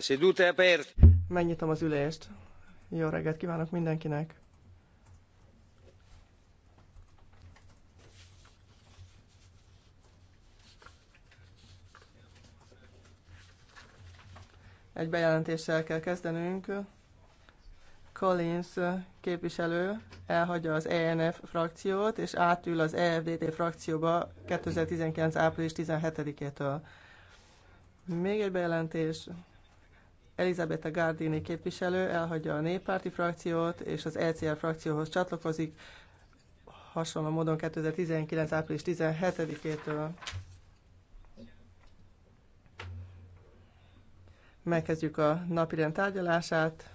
A seduta è aperta. Megnyitom az ülést. Jó reggelt kívánok mindenkinek. Egy bejelentéssel kell kezdenünk. Collins képviselő elhagyja az ENF frakciót, és átül az EFDT frakcióba 2019. április 17-től. Még egy bejelentés. Elizabeth Gardini képviselő elhagyja a néppárti frakciót, és az ECR frakcióhoz csatlakozik, hasonló módon 2019. április 17-től. Megkezdjük a napirend tárgyalását.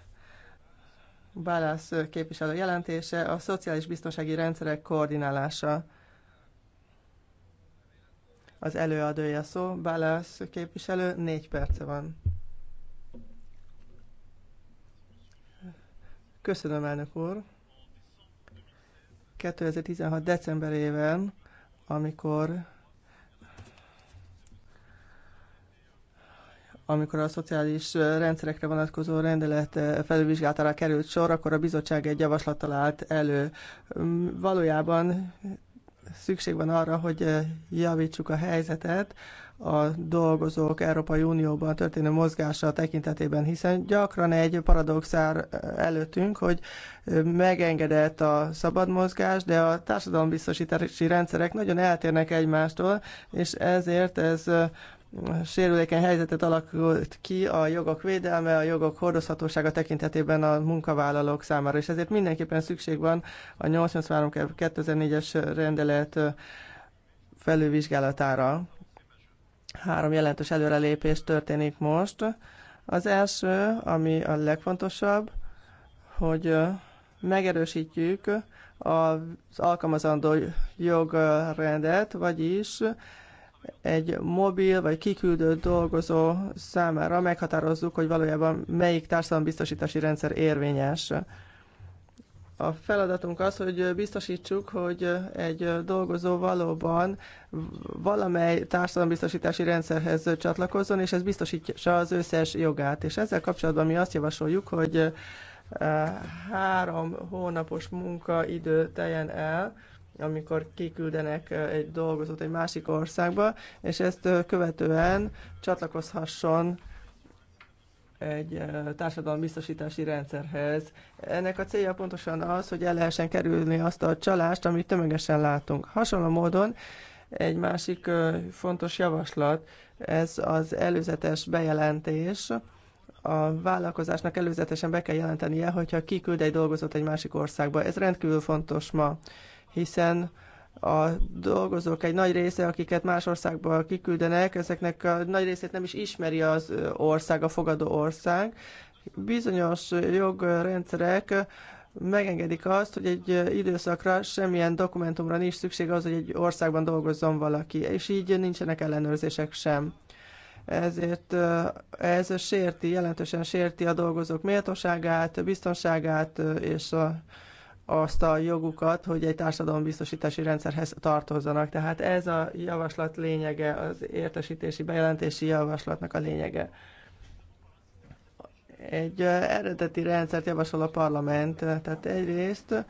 Bálász képviselő jelentése, a szociális biztonsági rendszerek koordinálása. Az előadója szó, Bálász képviselő, négy perce van. Köszönöm, elnök úr. 2016. decemberében, amikor amikor a szociális rendszerekre vonatkozó rendelet felülvizsgálatára került sor, akkor a bizottság egy javaslattal állt elő. Valójában szükség van arra, hogy eh, javítsuk a helyzetet a dolgozók Európai Unióban történő mozgása tekintetében, hiszen gyakran egy paradoxár eh, előttünk, hogy eh, megengedett a szabad mozgás, de a társadalombiztosítási rendszerek nagyon eltérnek egymástól, és ezért ez sérülékeny helyzetet alakult ki a jogok védelme, a jogok hordozhatósága tekintetében a munkavállalók számára, és ezért mindenképpen szükség van a 883-2004-es rendelet felülvizsgálatára. Három jelentős előrelépés történik most. Az első, ami a legfontosabb, hogy megerősítjük az alkalmazandó jogrendet, vagyis egy mobil vagy kiküldő dolgozó számára meghatározzuk, hogy valójában melyik társadalombiztosítási rendszer érvényes. A feladatunk az, hogy biztosítsuk, hogy egy dolgozó valóban valamely társadalombiztosítási rendszerhez csatlakozzon, és ez biztosítsa az összes jogát. És ezzel kapcsolatban mi azt javasoljuk, hogy eh, három hónapos munkaidő teljen el, amikor kiküldenek egy dolgozót egy másik országba, és ezt követően csatlakozhasson egy társadalmi biztosítási rendszerhez. Ennek a célja pontosan az, hogy el lehessen kerülni azt a csalást, amit tömegesen látunk. Hasonló módon egy másik fontos javaslat, ez az előzetes bejelentés. A vállalkozásnak előzetesen be kell jelentenie, hogyha kiküld egy dolgozót egy másik országba. Ez rendkívül fontos ma hiszen a dolgozók egy nagy része, akiket más országba kiküldenek, ezeknek a nagy részét nem is ismeri az ország, a fogadó ország. Bizonyos jogrendszerek megengedik azt, hogy egy időszakra semmilyen dokumentumra nincs szükség az, hogy egy országban dolgozzon valaki, és így nincsenek ellenőrzések sem. Ezért ez sérti, jelentősen sérti a dolgozók méltóságát, biztonságát és a azt a jogukat, hogy egy társadalombiztosítási rendszerhez tartozzanak. Tehát ez a javaslat lényege, az értesítési, bejelentési javaslatnak a lényege. Egy eredeti rendszert javasol a parlament, tehát egyrészt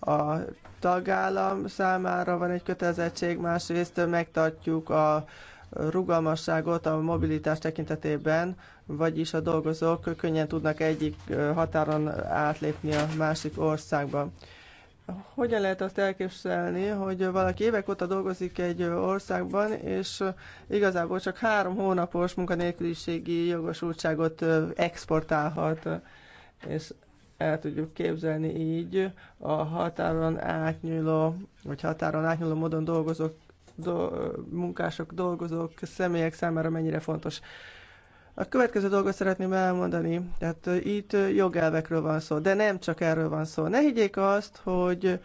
a tagállam számára van egy kötelezettség, másrészt megtartjuk a rugalmasságot a mobilitás tekintetében, vagyis a dolgozók könnyen tudnak egyik határon átlépni a másik országba. Hogyan lehet azt elképzelni, hogy valaki évek óta dolgozik egy országban, és igazából csak három hónapos munkanélküliségi jogosultságot exportálhat, és el tudjuk képzelni így a határon átnyúló, vagy határon átnyúló módon dolgozók do, munkások, dolgozók, személyek számára mennyire fontos. A következő dolgot szeretném elmondani, tehát itt jogelvekről van szó, de nem csak erről van szó. Ne higgyék azt, hogy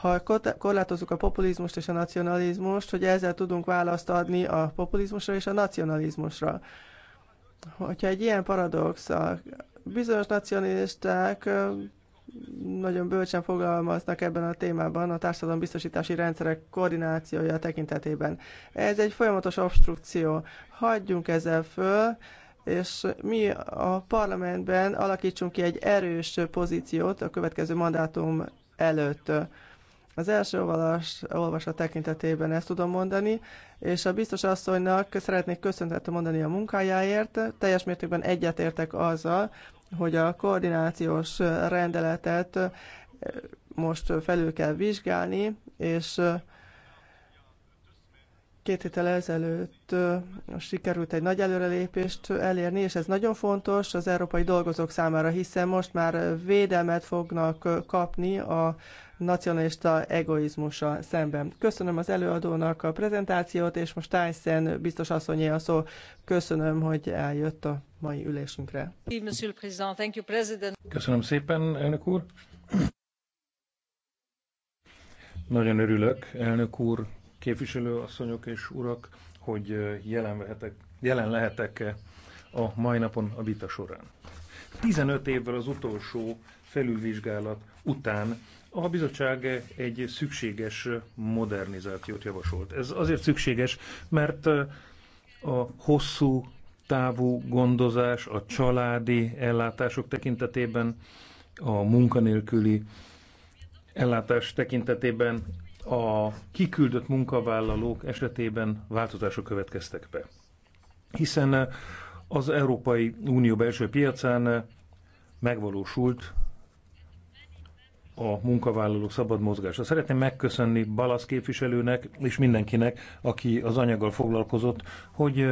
ha korlátozzuk a populizmust és a nacionalizmust, hogy ezzel tudunk választ adni a populizmusra és a nacionalizmusra. Hogyha egy ilyen paradox, a bizonyos nacionalisták nagyon bölcsen fogalmaznak ebben a témában a társadalombiztosítási rendszerek koordinációja tekintetében. Ez egy folyamatos obstrukció. Hagyjunk ezzel föl, és mi a parlamentben alakítsunk ki egy erős pozíciót a következő mandátum előtt. Az első olvas, olvasat tekintetében ezt tudom mondani, és a biztos asszonynak szeretnék köszöntetni mondani a munkájáért. Teljes mértékben egyetértek azzal, hogy a koordinációs rendeletet most felül kell vizsgálni, és Két héttel ezelőtt sikerült egy nagy előrelépést elérni, és ez nagyon fontos az európai dolgozók számára, hiszen most már védelmet fognak kapni a nacionalista egoizmusa szemben. Köszönöm az előadónak a prezentációt, és most Tyson biztos asszonyé a szó. Köszönöm, hogy eljött a mai ülésünkre. Köszönöm szépen, elnök úr. Nagyon örülök, elnök úr, képviselő asszonyok és urak, hogy jelen, lehetek, jelen lehetek a mai napon a vita során. 15 évvel az utolsó felülvizsgálat után a bizottság egy szükséges modernizációt javasolt. Ez azért szükséges, mert a hosszú távú gondozás, a családi ellátások tekintetében, a munkanélküli ellátás tekintetében a kiküldött munkavállalók esetében változások következtek be. Hiszen az Európai Unió belső piacán megvalósult a munkavállaló szabad mozgása. Szeretném megköszönni Balasz képviselőnek és mindenkinek, aki az anyaggal foglalkozott, hogy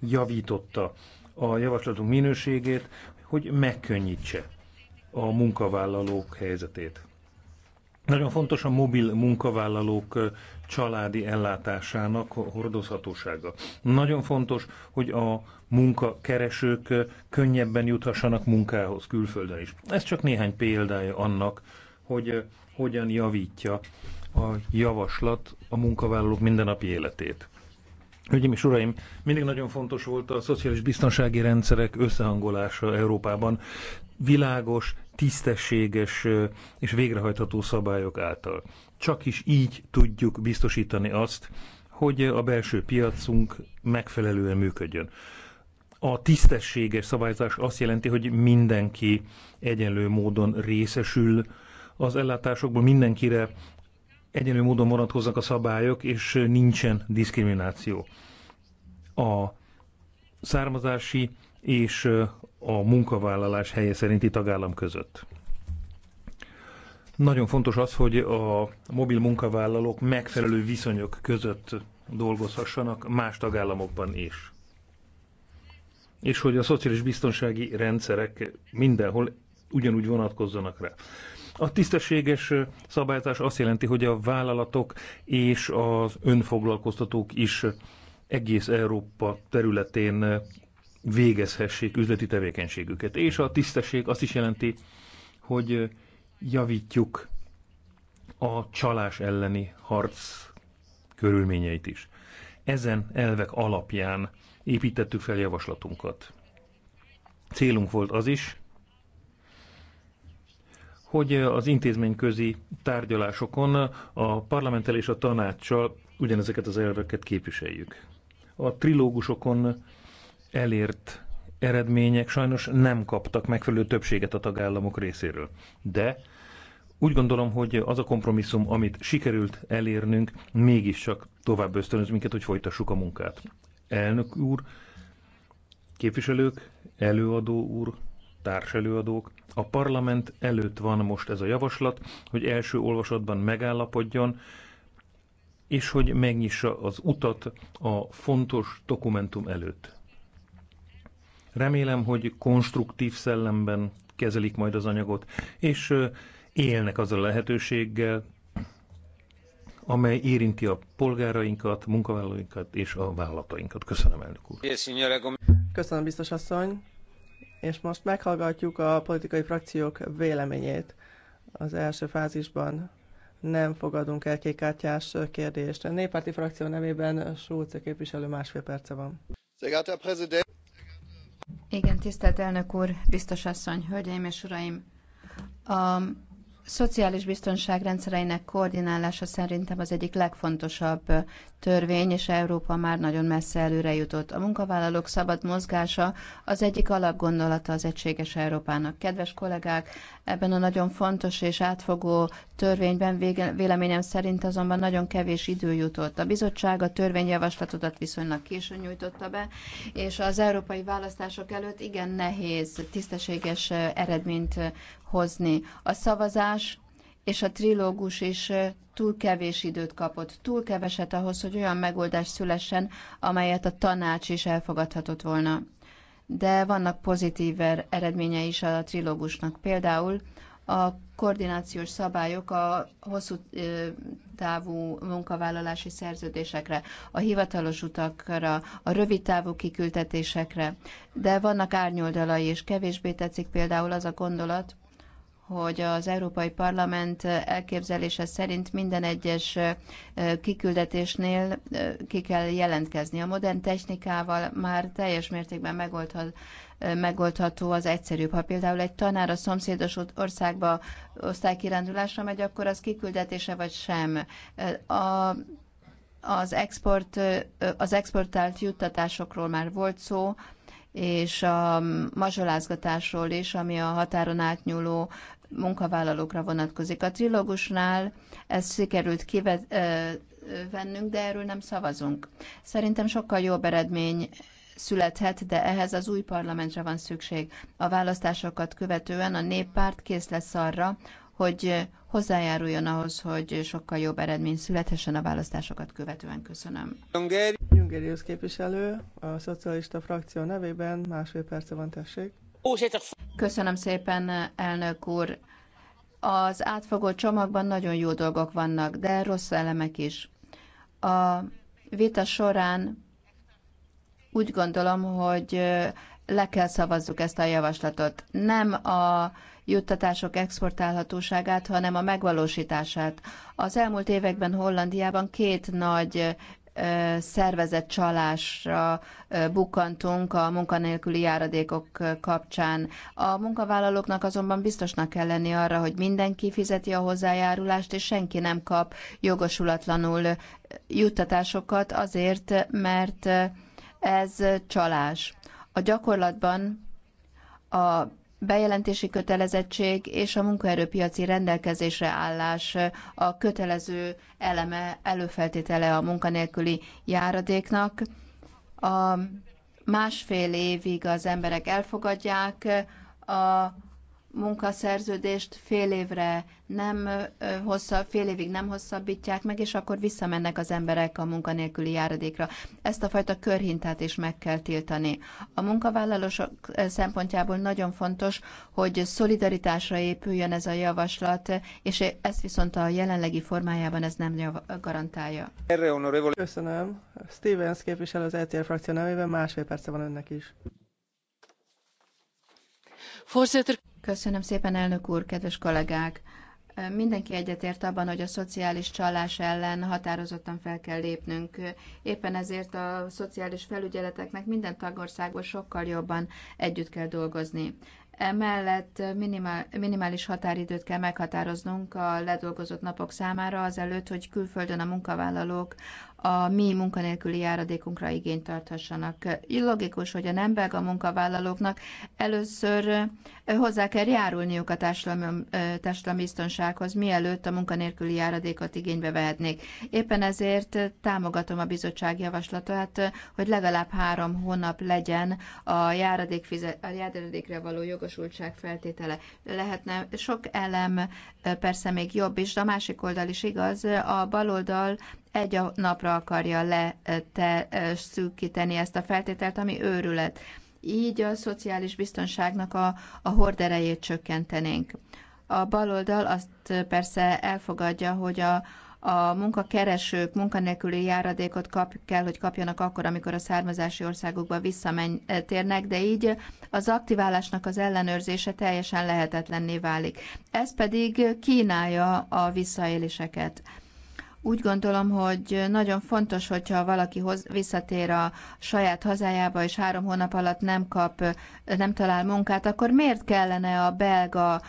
javította a javaslatunk minőségét, hogy megkönnyítse a munkavállalók helyzetét. Nagyon fontos a mobil munkavállalók családi ellátásának hordozhatósága. Nagyon fontos, hogy a munkakeresők könnyebben juthassanak munkához külföldön is. Ez csak néhány példája annak, hogy hogyan javítja a javaslat a munkavállalók mindennapi életét. Hölgyeim és uraim, mindig nagyon fontos volt a szociális biztonsági rendszerek összehangolása Európában világos, tisztességes és végrehajtható szabályok által. Csak is így tudjuk biztosítani azt, hogy a belső piacunk megfelelően működjön. A tisztességes szabályzás azt jelenti, hogy mindenki egyenlő módon részesül az ellátásokból, mindenkire egyenlő módon vonatkoznak a szabályok, és nincsen diszkrimináció. A származási és a munkavállalás helye szerinti tagállam között. Nagyon fontos az, hogy a mobil munkavállalók megfelelő viszonyok között dolgozhassanak más tagállamokban is. És hogy a szociális biztonsági rendszerek mindenhol ugyanúgy vonatkozzanak rá. A tisztességes szabályozás azt jelenti, hogy a vállalatok és az önfoglalkoztatók is egész Európa területén végezhessék üzleti tevékenységüket. És a tisztesség azt is jelenti, hogy javítjuk a csalás elleni harc körülményeit is. Ezen elvek alapján építettük fel javaslatunkat. Célunk volt az is, hogy az intézményközi tárgyalásokon a parlamenttel és a tanácssal ugyanezeket az elveket képviseljük. A trilógusokon elért eredmények sajnos nem kaptak megfelelő többséget a tagállamok részéről. De úgy gondolom, hogy az a kompromisszum, amit sikerült elérnünk, mégiscsak tovább ösztönöz minket, hogy folytassuk a munkát. Elnök úr, képviselők, előadó úr, társelőadók, a parlament előtt van most ez a javaslat, hogy első olvasatban megállapodjon, és hogy megnyissa az utat a fontos dokumentum előtt. Remélem, hogy konstruktív szellemben kezelik majd az anyagot, és élnek azzal a lehetőséggel, amely érinti a polgárainkat, munkavállalóinkat és a vállalatainkat. Köszönöm, elnök úr. Köszönöm, biztos asszony. És most meghallgatjuk a politikai frakciók véleményét. Az első fázisban nem fogadunk el kékkártyás kérdést. A néppárti frakció nevében Sulce képviselő másfél perce van. Igen, tisztelt elnök úr, biztos asszony, hölgyeim és uraim! A szociális biztonság rendszereinek koordinálása szerintem az egyik legfontosabb törvény, és Európa már nagyon messze előre jutott. A munkavállalók szabad mozgása az egyik alapgondolata az egységes Európának. Kedves kollégák, Ebben a nagyon fontos és átfogó törvényben véleményem szerint azonban nagyon kevés idő jutott. A bizottság a törvényjavaslatodat viszonylag későn nyújtotta be, és az európai választások előtt igen nehéz tisztességes eredményt hozni. A szavazás és a trilógus is túl kevés időt kapott, túl keveset ahhoz, hogy olyan megoldás szülessen, amelyet a tanács is elfogadhatott volna de vannak pozitív er- eredményei is a trilógusnak. Például a koordinációs szabályok a hosszú távú munkavállalási szerződésekre, a hivatalos utakra, a rövid távú kiküldetésekre, de vannak árnyoldalai, és kevésbé tetszik például az a gondolat, hogy az Európai Parlament elképzelése szerint minden egyes kiküldetésnél ki kell jelentkezni. A modern technikával már teljes mértékben megoldhat, megoldható az egyszerűbb. Ha például egy tanár a szomszédos országba osztálykirándulásra megy, akkor az kiküldetése vagy sem. A az, export, az exportált juttatásokról már volt szó, és a mazsolázgatásról is, ami a határon átnyúló munkavállalókra vonatkozik. A trilógusnál Ez sikerült kivennünk, de erről nem szavazunk. Szerintem sokkal jobb eredmény születhet, de ehhez az új parlamentre van szükség. A választásokat követően a néppárt kész lesz arra, hogy hozzájáruljon ahhoz, hogy sokkal jobb eredmény születhessen a választásokat követően. Köszönöm. Jungerius képviselő, a szocialista frakció nevében másfél perce van, tessék. Köszönöm szépen, elnök úr. Az átfogó csomagban nagyon jó dolgok vannak, de rossz elemek is. A vita során úgy gondolom, hogy le kell szavazzuk ezt a javaslatot. Nem a juttatások exportálhatóságát, hanem a megvalósítását. Az elmúlt években Hollandiában két nagy szervezett csalásra bukkantunk a munkanélküli járadékok kapcsán. A munkavállalóknak azonban biztosnak kell lenni arra, hogy mindenki fizeti a hozzájárulást, és senki nem kap jogosulatlanul juttatásokat azért, mert ez csalás. A gyakorlatban a bejelentési kötelezettség és a munkaerőpiaci rendelkezésre állás a kötelező eleme, előfeltétele a munkanélküli járadéknak. A másfél évig az emberek elfogadják a munkaszerződést fél évre nem hosszabb, fél évig nem hosszabbítják meg, és akkor visszamennek az emberek a munkanélküli járadékra. Ezt a fajta körhintát is meg kell tiltani. A munkavállalók szempontjából nagyon fontos, hogy szolidaritásra épüljön ez a javaslat, és ezt viszont a jelenlegi formájában ez nem garantálja. Köszönöm. Stevens képviselő az ETR frakció nevében, másfél perce van önnek is. Voorzitter, Köszönöm szépen, elnök úr, kedves kollégák! Mindenki egyetért abban, hogy a szociális csalás ellen határozottan fel kell lépnünk. Éppen ezért a szociális felügyeleteknek minden tagországban sokkal jobban együtt kell dolgozni. Emellett minimál, minimális határidőt kell meghatároznunk a ledolgozott napok számára, azelőtt, hogy külföldön a munkavállalók a mi munkanélküli járadékunkra igényt tarthassanak. Illogikus, hogy a nem belga munkavállalóknak először eh, hozzá kell járulniuk a társadalmi, eh, társadalmi biztonsághoz, mielőtt a munkanélküli járadékot igénybe vehetnék. Éppen ezért támogatom a bizottság javaslatát, hogy legalább három hónap legyen a, járadék fizet, a járadékre való jogosultság feltétele. Lehetne sok elem eh, persze még jobb is, de a másik oldal is igaz, a baloldal egy napra akarja leszűkíteni ezt a feltételt, ami őrület. Így a szociális biztonságnak a, a horderejét csökkentenénk. A baloldal azt persze elfogadja, hogy a, a munkakeresők munkanélküli járadékot kap, kell, hogy kapjanak akkor, amikor a származási országukba visszamentérnek, de így az aktiválásnak az ellenőrzése teljesen lehetetlenné válik. Ez pedig kínálja a visszaéléseket. Úgy gondolom, hogy nagyon fontos, hogyha valaki hoz, visszatér a saját hazájába, és három hónap alatt nem kap, nem talál munkát, akkor miért kellene a belga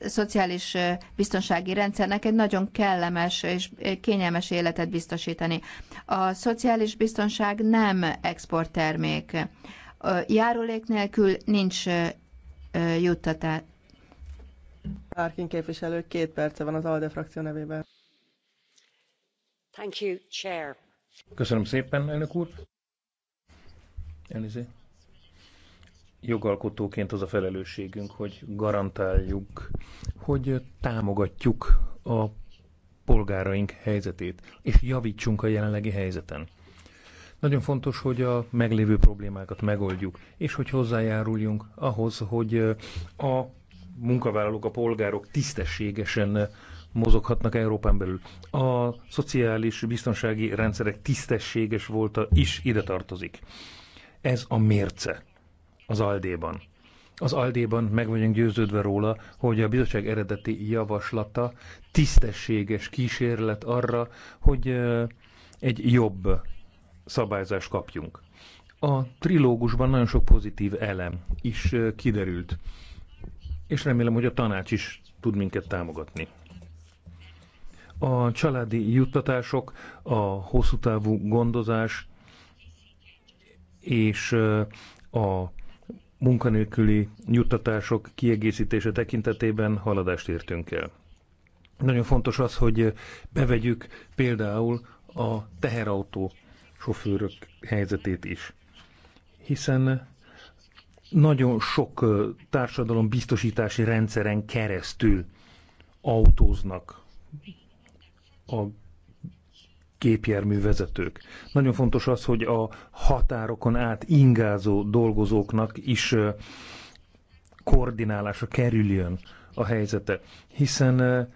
szociális biztonsági rendszernek egy nagyon kellemes és kényelmes életet biztosítani. A szociális biztonság nem exporttermék. Járulék nélkül nincs juttatás Árkin képviselő, két perce van az ALDE frakció nevében. Thank you, Chair. Köszönöm szépen, elnök úr. Elnézést. Jogalkotóként az a felelősségünk, hogy garantáljuk, hogy támogatjuk a polgáraink helyzetét, és javítsunk a jelenlegi helyzeten. Nagyon fontos, hogy a meglévő problémákat megoldjuk, és hogy hozzájáruljunk ahhoz, hogy a munkavállalók, a polgárok tisztességesen mozoghatnak Európán belül. A szociális biztonsági rendszerek tisztességes volta is ide tartozik. Ez a mérce az Aldéban. Az Aldéban meg vagyunk győződve róla, hogy a bizottság eredeti javaslata tisztességes kísérlet arra, hogy egy jobb szabályzást kapjunk. A trilógusban nagyon sok pozitív elem is kiderült és remélem, hogy a tanács is tud minket támogatni. A családi juttatások, a hosszú távú gondozás és a munkanélküli juttatások kiegészítése tekintetében haladást értünk el. Nagyon fontos az, hogy bevegyük például a teherautó sofőrök helyzetét is, hiszen nagyon sok társadalom biztosítási rendszeren keresztül autóznak a gépjárművezetők. Nagyon fontos az, hogy a határokon át ingázó dolgozóknak is koordinálása kerüljön a helyzete, hiszen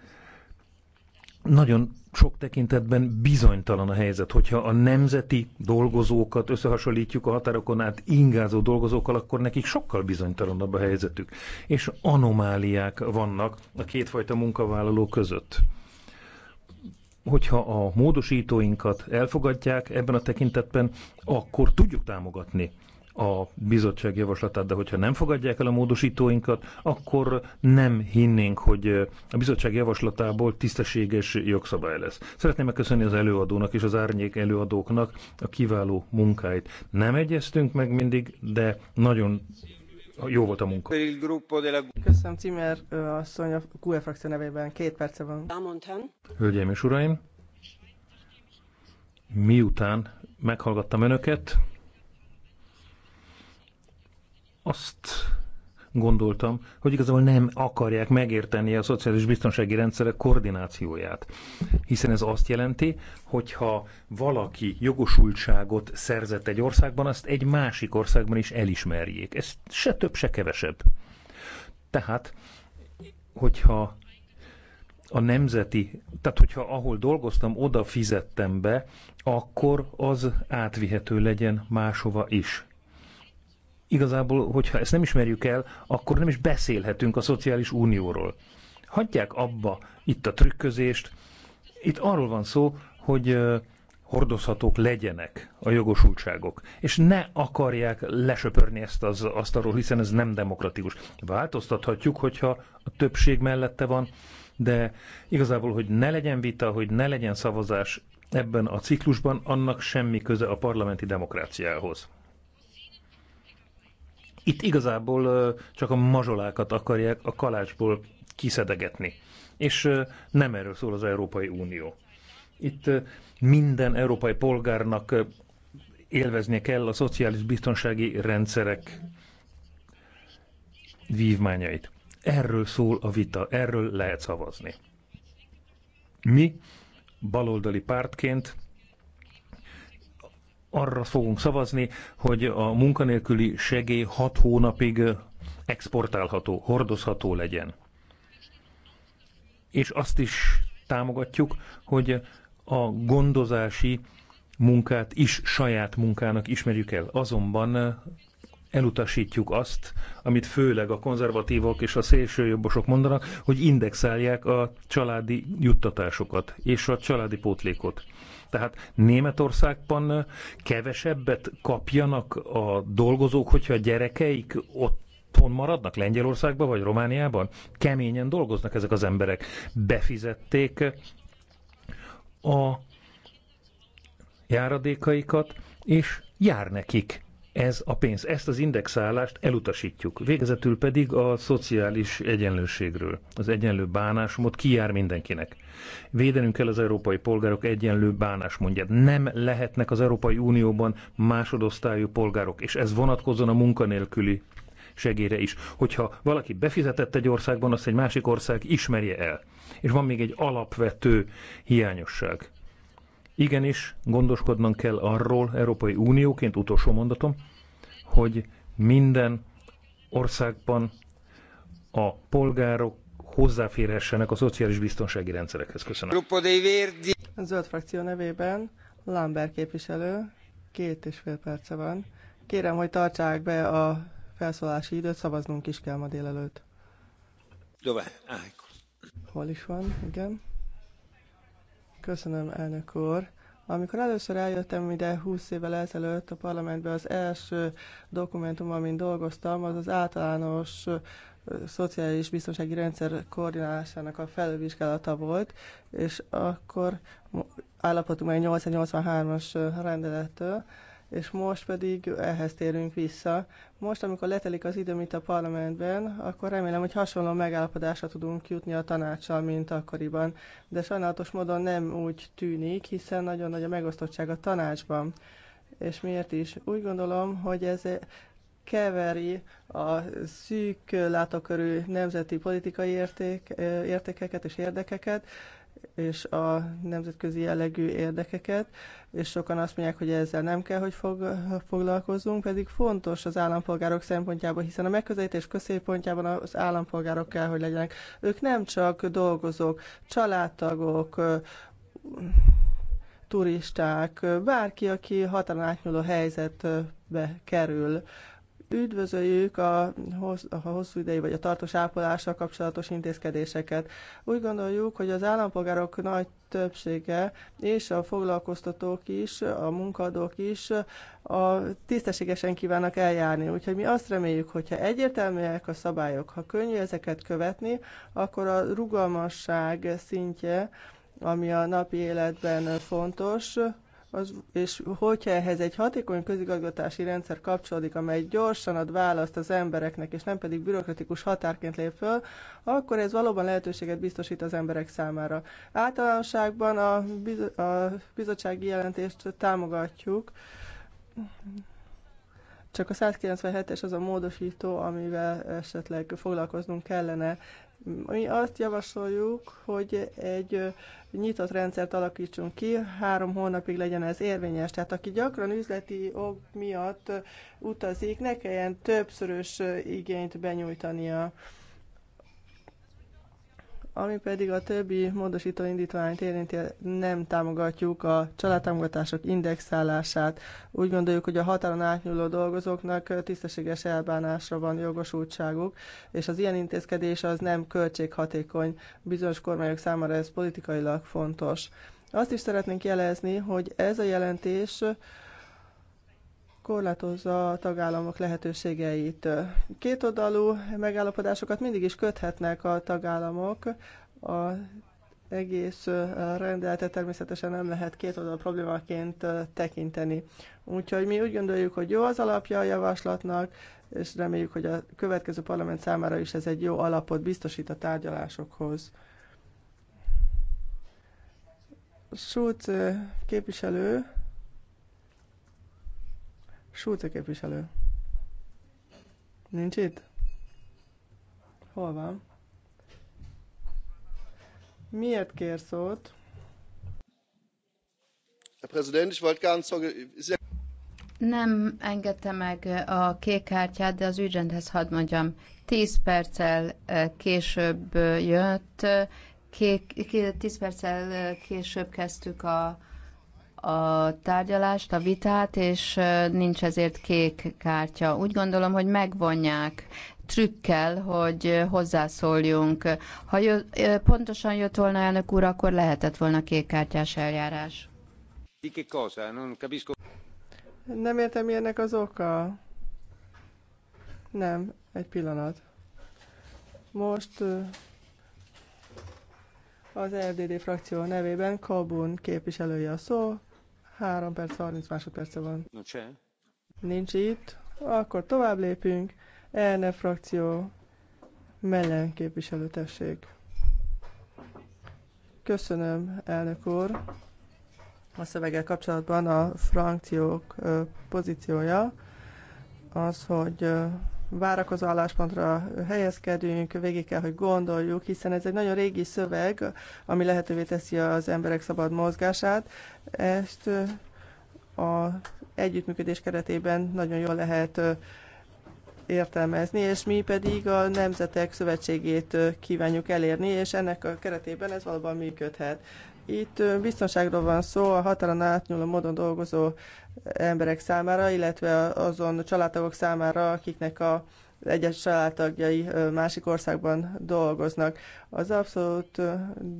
nagyon sok tekintetben bizonytalan a helyzet. Hogyha a nemzeti dolgozókat összehasonlítjuk a határokon át ingázó dolgozókkal, akkor nekik sokkal bizonytalanabb a helyzetük. És anomáliák vannak a kétfajta munkavállaló között. Hogyha a módosítóinkat elfogadják ebben a tekintetben, akkor tudjuk támogatni a bizottság javaslatát, de hogyha nem fogadják el a módosítóinkat, akkor nem hinnénk, hogy a bizottság javaslatából tisztességes jogszabály lesz. Szeretném megköszönni az előadónak és az árnyék előadóknak a kiváló munkáit. Nem egyeztünk meg mindig, de nagyon jó volt a munka. Köszönöm, Cimer asszony a QE frakció nevében. Két perce van. Hölgyeim és uraim, miután meghallgattam önöket, azt gondoltam, hogy igazából nem akarják megérteni a szociális biztonsági rendszerek koordinációját. Hiszen ez azt jelenti, hogyha valaki jogosultságot szerzett egy országban, azt egy másik országban is elismerjék. Ez se több, se kevesebb. Tehát, hogyha a nemzeti, tehát hogyha ahol dolgoztam, oda fizettem be, akkor az átvihető legyen máshova is. Igazából, hogyha ezt nem ismerjük el, akkor nem is beszélhetünk a szociális unióról. Hagyják abba itt a trükközést. Itt arról van szó, hogy hordozhatók legyenek a jogosultságok, és ne akarják lesöpörni ezt az asztalról, hiszen ez nem demokratikus. Változtathatjuk, hogyha a többség mellette van, de igazából, hogy ne legyen vita, hogy ne legyen szavazás ebben a ciklusban, annak semmi köze a parlamenti demokráciához. Itt igazából csak a mazsolákat akarják a kalácsból kiszedegetni. És nem erről szól az Európai Unió. Itt minden európai polgárnak élveznie kell a szociális biztonsági rendszerek vívmányait. Erről szól a vita, erről lehet szavazni. Mi baloldali pártként arra fogunk szavazni, hogy a munkanélküli segély hat hónapig exportálható, hordozható legyen. És azt is támogatjuk, hogy a gondozási munkát is saját munkának ismerjük el. Azonban elutasítjuk azt, amit főleg a konzervatívok és a szélsőjobbosok mondanak, hogy indexálják a családi juttatásokat és a családi pótlékot. Tehát Németországban kevesebbet kapjanak a dolgozók, hogyha a gyerekeik ott Hon maradnak Lengyelországban vagy Romániában? Keményen dolgoznak ezek az emberek. Befizették a járadékaikat, és jár nekik ez a pénz. Ezt az indexálást elutasítjuk. Végezetül pedig a szociális egyenlőségről, az egyenlő bánásmód kijár mindenkinek. Védenünk kell az európai polgárok egyenlő bánásmondját. Nem lehetnek az Európai Unióban másodosztályú polgárok, és ez vonatkozzon a munkanélküli segére is. Hogyha valaki befizetett egy országban, azt egy másik ország ismerje el. És van még egy alapvető hiányosság. Igenis, gondoskodnunk kell arról, Európai Unióként, utolsó mondatom, hogy minden országban a polgárok hozzáférhessenek a szociális biztonsági rendszerekhez. Köszönöm. A zöld frakció nevében Lambert képviselő, két és fél perce van. Kérem, hogy tartsák be a felszólási időt, szavaznunk is kell ma délelőtt. Ah, Hol is van? Igen. Köszönöm, elnök úr. Amikor először eljöttem ide 20 évvel ezelőtt a parlamentbe, az első dokumentum, amin dolgoztam, az az általános szociális biztonsági rendszer koordinálásának a felülvizsgálata volt, és akkor állapotunk meg 883-as rendelettől, és most pedig ehhez térünk vissza. Most, amikor letelik az időm itt a parlamentben, akkor remélem, hogy hasonló megállapodásra tudunk jutni a tanácssal, mint akkoriban. De sajnálatos módon nem úgy tűnik, hiszen nagyon nagy a megosztottság a tanácsban. És miért is? Úgy gondolom, hogy ez keveri a szűk látókörű nemzeti politikai érték, értékeket és érdekeket, és a nemzetközi jellegű érdekeket, és sokan azt mondják, hogy ezzel nem kell, hogy fog, foglalkozzunk, pedig fontos az állampolgárok szempontjából, hiszen a megközelítés középpontjában az állampolgárok kell, hogy legyenek. Ők nem csak dolgozók, családtagok, turisták, bárki, aki határon átnyúló helyzetbe kerül. Üdvözöljük a, hossz, a hosszú idei vagy a tartós ápolással kapcsolatos intézkedéseket. Úgy gondoljuk, hogy az állampolgárok nagy többsége és a foglalkoztatók is, a munkadók is a tisztességesen kívánnak eljárni. Úgyhogy mi azt reméljük, hogyha egyértelműek a szabályok, ha könnyű ezeket követni, akkor a rugalmasság szintje, ami a napi életben fontos, az, és hogyha ehhez egy hatékony közigazgatási rendszer kapcsolódik, amely gyorsan ad választ az embereknek, és nem pedig bürokratikus határként lép föl, akkor ez valóban lehetőséget biztosít az emberek számára. Általánosságban a, bizo- a bizottsági jelentést támogatjuk csak a 197-es az a módosító, amivel esetleg foglalkoznunk kellene. Mi azt javasoljuk, hogy egy nyitott rendszert alakítsunk ki, három hónapig legyen ez érvényes. Tehát aki gyakran üzleti ok miatt utazik, ne kelljen többszörös igényt benyújtania. Ami pedig a többi módosító indítványt érinti, nem támogatjuk a családtámogatások indexálását. Úgy gondoljuk, hogy a határon átnyúló dolgozóknak tisztességes elbánásra van jogosultságuk, és az ilyen intézkedés az nem költséghatékony. Bizonyos kormányok számára ez politikailag fontos. Azt is szeretnénk jelezni, hogy ez a jelentés korlátozza a tagállamok lehetőségeit. Kétoldalú megállapodásokat mindig is köthetnek a tagállamok. A egész rendeletet természetesen nem lehet oldal problémaként tekinteni. Úgyhogy mi úgy gondoljuk, hogy jó az alapja a javaslatnak, és reméljük, hogy a következő parlament számára is ez egy jó alapot biztosít a tárgyalásokhoz. Schulz képviselő Schulze képviselő. Nincs itt? Hol van? Miért kér szót? Herr Präsident, Nem engedte meg a kék kártyát, de az ügyrendhez hadd mondjam. Tíz perccel eh, később eh, jött, kék, tíz perccel eh, később kezdtük a a tárgyalást, a vitát, és nincs ezért kék kártya. Úgy gondolom, hogy megvonják trükkel, hogy hozzászóljunk. Ha jö, pontosan jött volna elnök úr, akkor lehetett volna kék kártyás eljárás. Nem értem, mi ennek az oka. Nem, egy pillanat. Most az LDD frakció nevében Kabun képviselője a szó. 3 perc 30 másodperce van. Nincs, Nincs itt. Akkor tovább lépünk. ELNE frakció Mellen képviselő tessék. Köszönöm, elnök úr. A szöveggel kapcsolatban a frakciók pozíciója az, hogy várakozó álláspontra helyezkedünk, végig kell, hogy gondoljuk, hiszen ez egy nagyon régi szöveg, ami lehetővé teszi az emberek szabad mozgását. Ezt a együttműködés keretében nagyon jól lehet értelmezni, és mi pedig a Nemzetek Szövetségét kívánjuk elérni, és ennek a keretében ez valóban működhet. Itt biztonságról van szó, a határon átnyúló módon dolgozó emberek számára, illetve azon családtagok számára, akiknek a egyes családtagjai másik országban dolgoznak. Az abszolút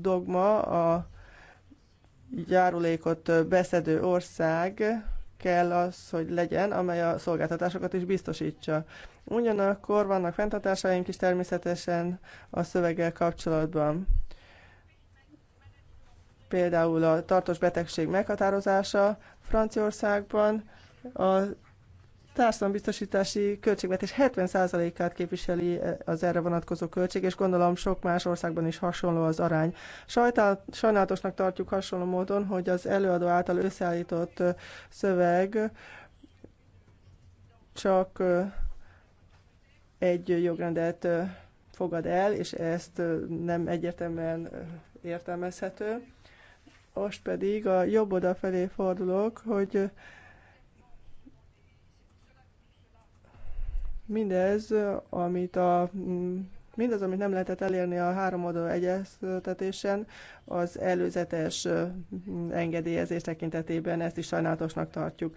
dogma a járulékot beszedő ország kell az, hogy legyen, amely a szolgáltatásokat is biztosítsa. Ugyanakkor vannak fenntartásaink is természetesen a szöveggel kapcsolatban például a tartós betegség meghatározása Franciaországban a társadalombiztosítási költségvetés 70%-át képviseli az erre vonatkozó költség, és gondolom sok más országban is hasonló az arány. sajnálatosnak tartjuk hasonló módon, hogy az előadó által összeállított szöveg csak egy jogrendet fogad el, és ezt nem egyértelműen értelmezhető. Most pedig a jobb oldal felé fordulok, hogy mindez, amit a mindaz, amit nem lehetett elérni a három oldalú egyeztetésen, az előzetes engedélyezés tekintetében ezt is sajnálatosnak tartjuk.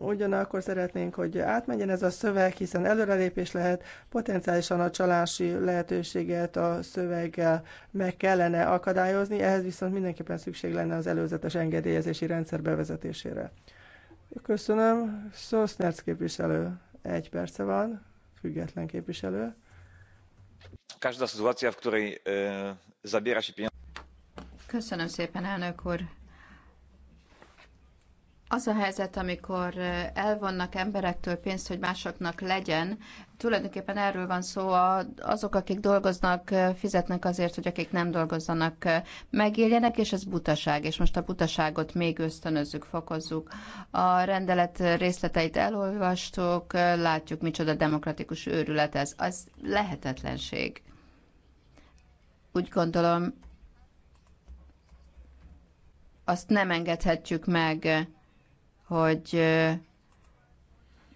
Ugyanakkor szeretnénk, hogy átmenjen ez a szöveg, hiszen előrelépés lehet, potenciálisan a csalási lehetőséget a szöveggel meg kellene akadályozni, ehhez viszont mindenképpen szükség lenne az előzetes engedélyezési rendszer bevezetésére. Köszönöm. Szosznerc képviselő, egy perce van, független képviselő. E, Köszönöm szépen, elnök úr. Az a helyzet, amikor elvonnak emberektől pénzt, hogy másoknak legyen, tulajdonképpen erről van szó, azok, akik dolgoznak, fizetnek azért, hogy akik nem dolgozzanak, megéljenek, és ez butaság, és most a butaságot még ösztönözzük, fokozzuk. A rendelet részleteit elolvastuk, látjuk, micsoda demokratikus őrület ez. Az lehetetlenség. Úgy gondolom, azt nem engedhetjük meg hogy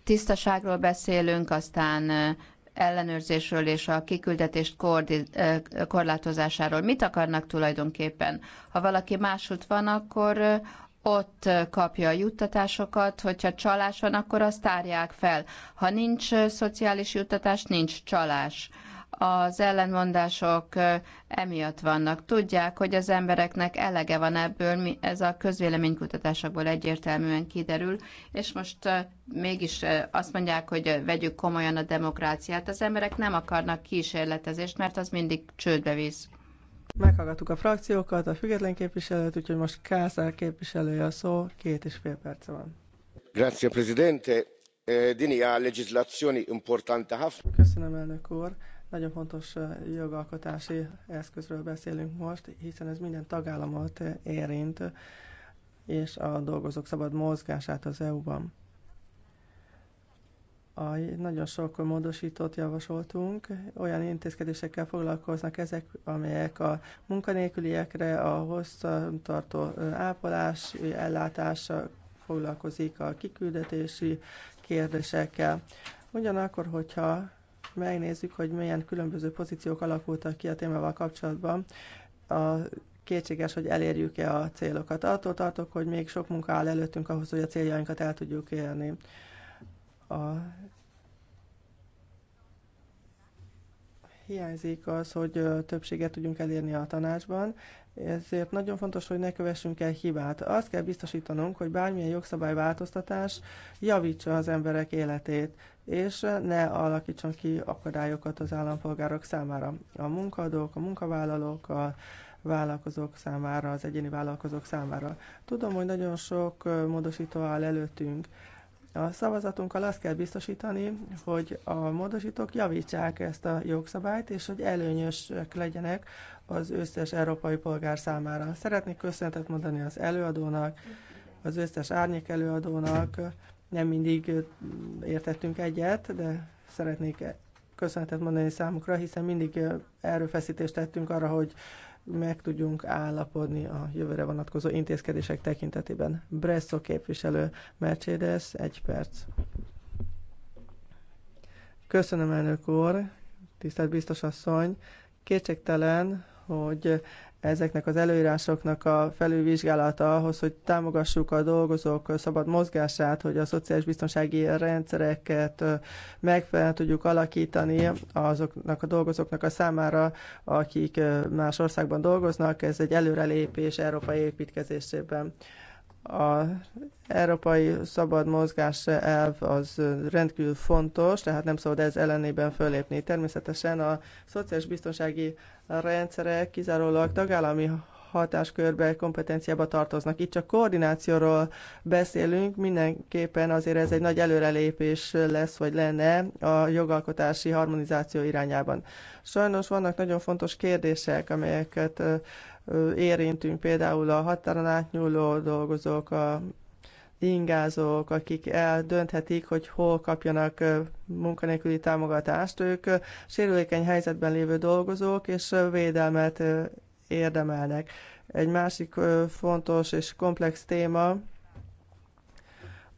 tisztaságról beszélünk, aztán ellenőrzésről és a kiküldetést korlátozásáról. Mit akarnak tulajdonképpen? Ha valaki máshogy van, akkor ott kapja a juttatásokat, hogyha csalás van, akkor azt tárják fel. Ha nincs szociális juttatás, nincs csalás az ellenmondások emiatt vannak. Tudják, hogy az embereknek elege van ebből, ez a közvéleménykutatásokból egyértelműen kiderül, és most mégis azt mondják, hogy vegyük komolyan a demokráciát. Az emberek nem akarnak kísérletezést, mert az mindig csődbe visz. Meghallgattuk a frakciókat, a független képviselőt, úgyhogy most Kászár képviselője a szó, két és fél perce van. Grazie, Presidente. Eh, Dini a legislazioni importante. Köszönöm, elnök úr nagyon fontos jogalkotási eszközről beszélünk most, hiszen ez minden tagállamot érint, és a dolgozók szabad mozgását az EU-ban. A, nagyon sok módosítót javasoltunk, olyan intézkedésekkel foglalkoznak ezek, amelyek a munkanélküliekre, a hosszantartó ápolás, ellátása foglalkozik a kiküldetési kérdésekkel. Ugyanakkor, hogyha megnézzük, hogy milyen különböző pozíciók alakultak ki a témával kapcsolatban, a kétséges, hogy elérjük-e a célokat. Attól tartok, hogy még sok munka áll előttünk ahhoz, hogy a céljainkat el tudjuk élni. A hiányzik az, hogy többséget tudjunk elérni a tanácsban, ezért nagyon fontos, hogy ne kövessünk el hibát. Azt kell biztosítanunk, hogy bármilyen jogszabályváltoztatás javítsa az emberek életét, és ne alakítson ki akadályokat az állampolgárok számára. A munkadók, a munkavállalók, a vállalkozók számára, az egyéni vállalkozók számára. Tudom, hogy nagyon sok módosító áll előttünk, a szavazatunkkal azt kell biztosítani, hogy a módosítók javítsák ezt a jogszabályt, és hogy előnyösek legyenek az összes európai polgár számára. Szeretnék köszönetet mondani az előadónak, az összes árnyék előadónak. Nem mindig értettünk egyet, de szeretnék köszönetet mondani számukra, hiszen mindig erőfeszítést tettünk arra, hogy meg tudjunk állapodni a jövőre vonatkozó intézkedések tekintetében. Bresso képviselő Mercedes, egy perc. Köszönöm, elnök úr, tisztelt biztos asszony. Kétségtelen, hogy ezeknek az előírásoknak a felülvizsgálata ahhoz, hogy támogassuk a dolgozók szabad mozgását, hogy a szociális biztonsági rendszereket megfelelően tudjuk alakítani azoknak a dolgozóknak a számára, akik más országban dolgoznak. Ez egy előrelépés európai építkezésében a európai szabad mozgás elv az rendkívül fontos, tehát nem szabad ez ellenében fölépni. Természetesen a szociális biztonsági rendszerek kizárólag tagállami hatáskörbe, kompetenciába tartoznak. Itt csak koordinációról beszélünk, mindenképpen azért ez egy nagy előrelépés lesz, vagy lenne a jogalkotási harmonizáció irányában. Sajnos vannak nagyon fontos kérdések, amelyeket érintünk például a határon átnyúló dolgozók, a ingázók, akik eldönthetik, hogy hol kapjanak munkanélküli támogatást, ők sérülékeny helyzetben lévő dolgozók, és védelmet érdemelnek. Egy másik fontos és komplex téma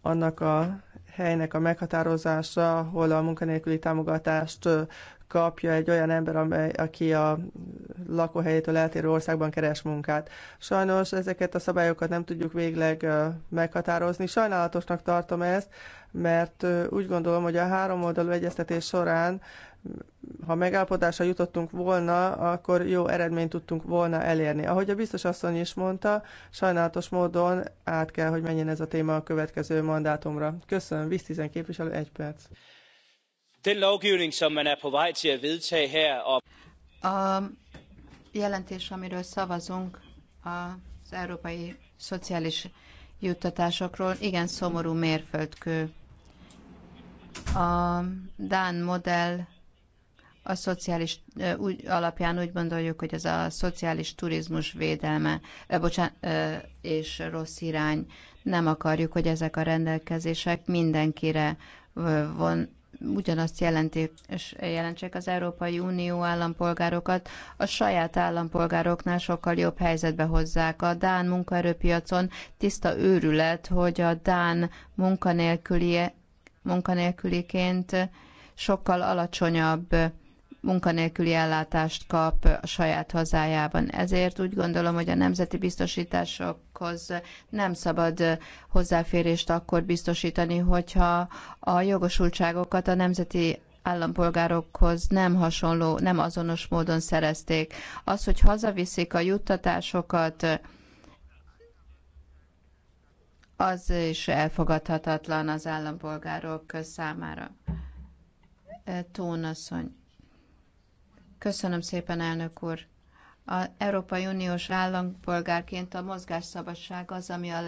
annak a helynek a meghatározása, ahol a munkanélküli támogatást kapja egy olyan ember, amely, aki a lakóhelyétől eltérő országban keres munkát. Sajnos ezeket a szabályokat nem tudjuk végleg meghatározni. Sajnálatosnak tartom ezt, mert úgy gondolom, hogy a három oldalú egyeztetés során, ha megállapodásra jutottunk volna, akkor jó eredményt tudtunk volna elérni. Ahogy a biztos asszony is mondta, sajnálatos módon át kell, hogy menjen ez a téma a következő mandátumra. Köszönöm, 10 képviselő, egy perc. A jelentés, amiről szavazunk, az európai szociális juttatásokról igen szomorú mérföldkő. A Dán modell a szociális úgy, alapján úgy gondoljuk, hogy ez a szociális turizmus védelme, bocsán, és rossz irány. Nem akarjuk, hogy ezek a rendelkezések mindenkire von, ugyanazt és jelentsék az Európai Unió állampolgárokat, a saját állampolgároknál sokkal jobb helyzetbe hozzák. A Dán munkaerőpiacon tiszta őrület, hogy a Dán munkanélküli, munkanélküliként sokkal alacsonyabb munkanélküli ellátást kap a saját hazájában. Ezért úgy gondolom, hogy a nemzeti biztosításokhoz nem szabad hozzáférést akkor biztosítani, hogyha a jogosultságokat a nemzeti állampolgárokhoz nem hasonló, nem azonos módon szerezték. Az, hogy hazaviszik a juttatásokat, az is elfogadhatatlan az állampolgárok számára. Tónasszony. Köszönöm szépen, elnök úr. Az Európai Uniós állampolgárként a mozgásszabadság az, ami a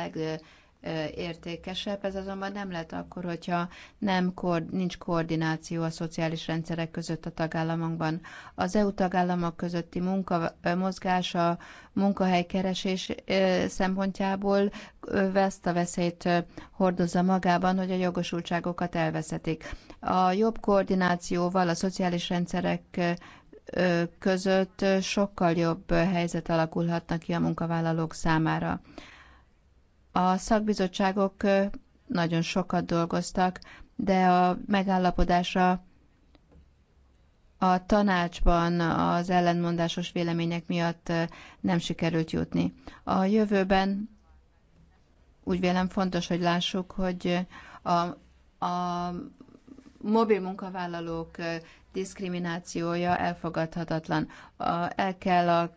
legértékesebb. Ez azonban nem lett akkor, hogyha nem, nincs koordináció a szociális rendszerek között a tagállamokban. Az EU tagállamok közötti munka, mozgás a munkahelykeresés szempontjából ezt a veszélyt hordozza magában, hogy a jogosultságokat elveszetik. A jobb koordinációval a szociális rendszerek között sokkal jobb helyzet alakulhatnak ki a munkavállalók számára. A szakbizottságok nagyon sokat dolgoztak, de a megállapodásra a tanácsban az ellenmondásos vélemények miatt nem sikerült jutni. A jövőben úgy vélem fontos, hogy lássuk, hogy a, a mobil munkavállalók diszkriminációja elfogadhatatlan. El kell a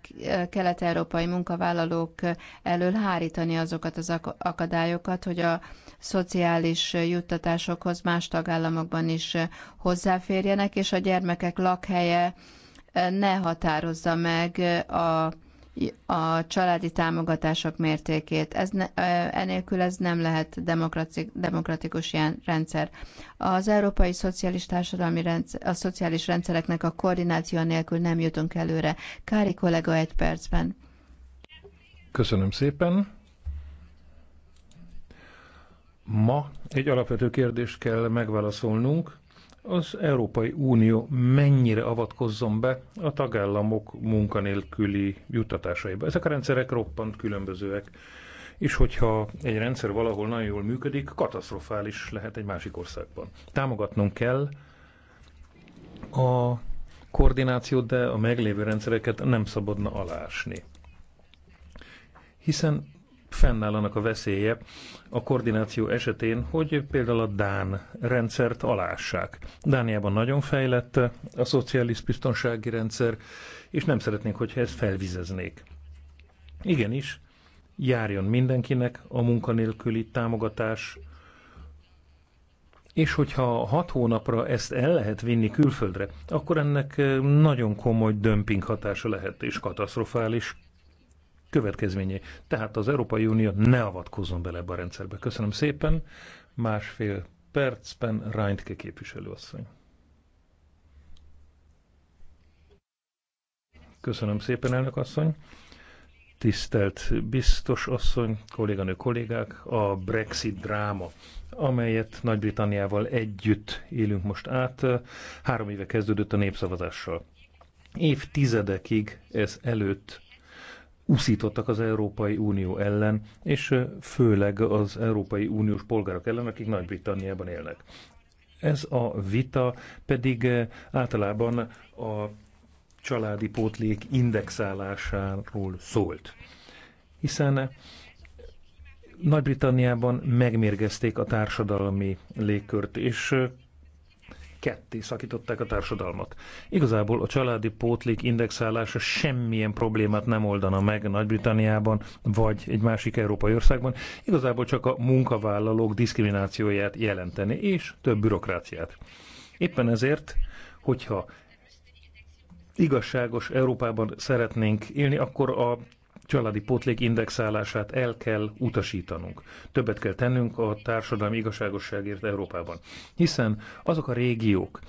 kelet-európai munkavállalók elől hárítani azokat az akadályokat, hogy a szociális juttatásokhoz más tagállamokban is hozzáférjenek, és a gyermekek lakhelye ne határozza meg a a családi támogatások mértékét. Ez ne, enélkül ez nem lehet demokratikus ilyen rendszer. Az európai szociális társadalmi rendszer, a szociális rendszereknek a koordináció nélkül nem jutunk előre. Kári kollega egy percben. Köszönöm szépen. Ma egy alapvető kérdést kell megválaszolnunk, az Európai Unió mennyire avatkozzon be a tagállamok munkanélküli juttatásaiba. Ezek a rendszerek roppant különbözőek, és hogyha egy rendszer valahol nagyon jól működik, katasztrofális lehet egy másik országban. Támogatnunk kell a koordinációt, de a meglévő rendszereket nem szabadna alásni. Hiszen fennáll annak a veszélye a koordináció esetén, hogy például a Dán rendszert alássák. Dániában nagyon fejlett a szocialiszt biztonsági rendszer, és nem szeretnénk, hogyha ezt felvizeznék. Igenis, járjon mindenkinek a munkanélküli támogatás, és hogyha hat hónapra ezt el lehet vinni külföldre, akkor ennek nagyon komoly dömping hatása lehet, és katasztrofális következményei. Tehát az Európai Unió ne avatkozzon bele ebbe a rendszerbe. Köszönöm szépen. Másfél percben Reintke képviselőasszony. Köszönöm szépen, elnök asszony. Tisztelt biztos asszony, kolléganő kollégák, a Brexit dráma, amelyet Nagy-Britanniával együtt élünk most át, három éve kezdődött a népszavazással. Évtizedekig ez előtt uszítottak az Európai Unió ellen, és főleg az Európai Uniós polgárok ellen, akik Nagy-Britanniában élnek. Ez a vita pedig általában a családi pótlék indexálásáról szólt. Hiszen Nagy-Britanniában megmérgezték a társadalmi légkört, és ketté szakították a társadalmat. Igazából a családi pótlék indexálása semmilyen problémát nem oldana meg Nagy-Britanniában, vagy egy másik európai országban. Igazából csak a munkavállalók diszkriminációját jelenteni, és több bürokráciát. Éppen ezért, hogyha igazságos Európában szeretnénk élni, akkor a családi pótlék indexálását el kell utasítanunk. Többet kell tennünk a társadalmi igazságosságért Európában. Hiszen azok a régiók,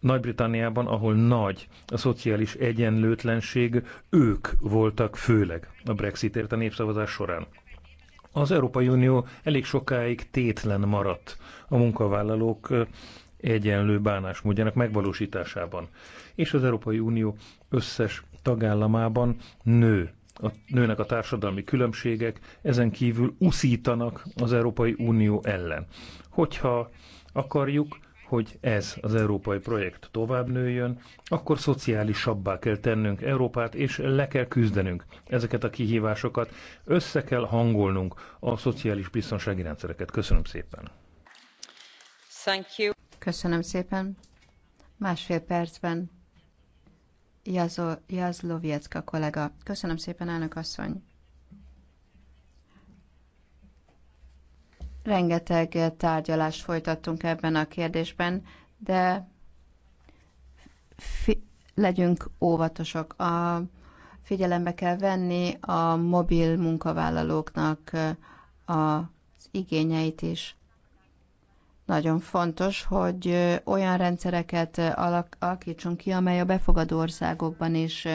nagy-Britanniában, ahol nagy a szociális egyenlőtlenség, ők voltak főleg a Brexitért a népszavazás során. Az Európai Unió elég sokáig tétlen maradt a munkavállalók egyenlő bánásmódjának megvalósításában. És az Európai Unió összes tagállamában nő a, nőnek a társadalmi különbségek, ezen kívül uszítanak az Európai Unió ellen. Hogyha akarjuk, hogy ez az európai projekt tovább nőjön, akkor szociálisabbá kell tennünk Európát, és le kell küzdenünk ezeket a kihívásokat, össze kell hangolnunk a szociális biztonsági rendszereket. Köszönöm szépen! Thank you. Köszönöm szépen! Másfél percben Jazo, kollega. Köszönöm szépen, elnök asszony. Rengeteg tárgyalást folytattunk ebben a kérdésben, de fi- legyünk óvatosak. A figyelembe kell venni a mobil munkavállalóknak az igényeit is. Nagyon fontos, hogy olyan rendszereket alakítsunk ki, amely a befogadó országokban is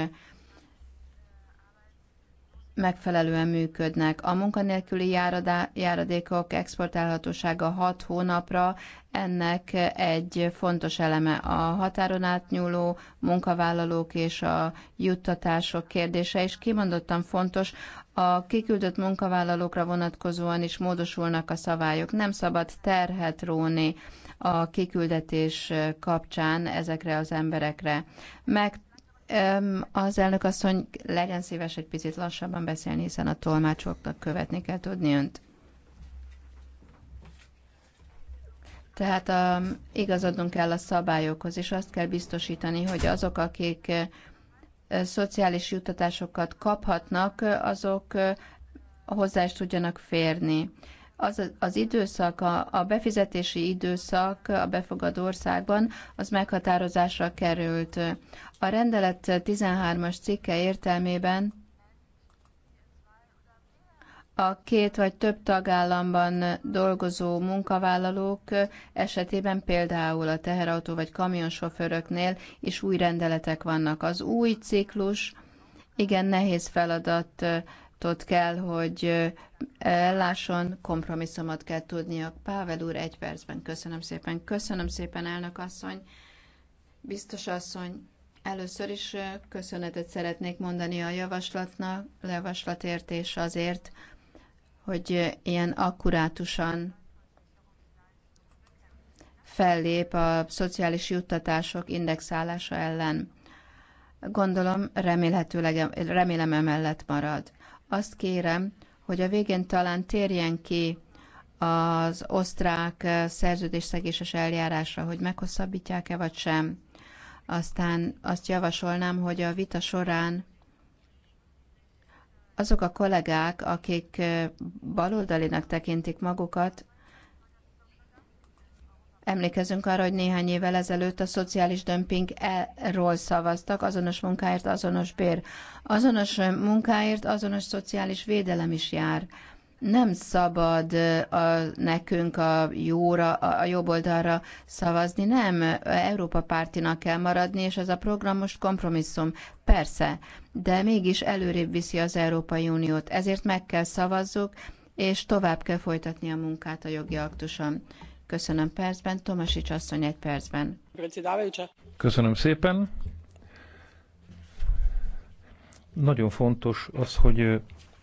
megfelelően működnek. A munkanélküli járadá, járadékok exportálhatósága 6 hónapra, ennek egy fontos eleme a határon átnyúló munkavállalók és a juttatások kérdése, és kimondottan fontos, a kiküldött munkavállalókra vonatkozóan is módosulnak a szabályok. Nem szabad terhet róni a kiküldetés kapcsán ezekre az emberekre. Meg az elnök asszony legyen szíves egy picit lassabban beszélni, hiszen a tolmácsoknak követni kell tudni önt. Tehát a, igazodnunk kell a szabályokhoz, és azt kell biztosítani, hogy azok, akik eh, szociális juttatásokat kaphatnak, eh, azok eh, hozzá is tudjanak férni az, az időszak, a, a befizetési időszak a befogadó országban az meghatározásra került. A rendelet 13-as cikke értelmében a két vagy több tagállamban dolgozó munkavállalók esetében például a teherautó vagy kamionsofőröknél is új rendeletek vannak. Az új ciklus igen nehéz feladat feladatot kell, hogy ellásson, kompromisszumot kell tudnia. Pável úr, egy percben köszönöm szépen. Köszönöm szépen, elnök asszony, biztos asszony. Először is köszönetet szeretnék mondani a javaslatnak, javaslatért és azért, hogy ilyen akkurátusan fellép a szociális juttatások indexálása ellen. Gondolom, remélhetőleg, remélem emellett marad. Azt kérem, hogy a végén talán térjen ki az osztrák eh, szerződésszegéses eljárásra, hogy meghosszabbítják-e vagy sem. Aztán azt javasolnám, hogy a vita során azok a kollégák, akik eh, baloldalinak tekintik magukat, Emlékezünk arra, hogy néhány évvel ezelőtt a szociális dömpingról szavaztak, azonos munkáért azonos bér. Azonos munkáért azonos szociális védelem is jár. Nem szabad a, nekünk a jóra, a jobb oldalra szavazni, nem. Európa pártinak kell maradni, és ez a program most kompromisszum. Persze, de mégis előrébb viszi az Európai Uniót. Ezért meg kell szavazzuk, és tovább kell folytatni a munkát a jogi aktuson. Köszönöm percben, Tomasics asszony egy percben. Köszönöm szépen. Nagyon fontos az, hogy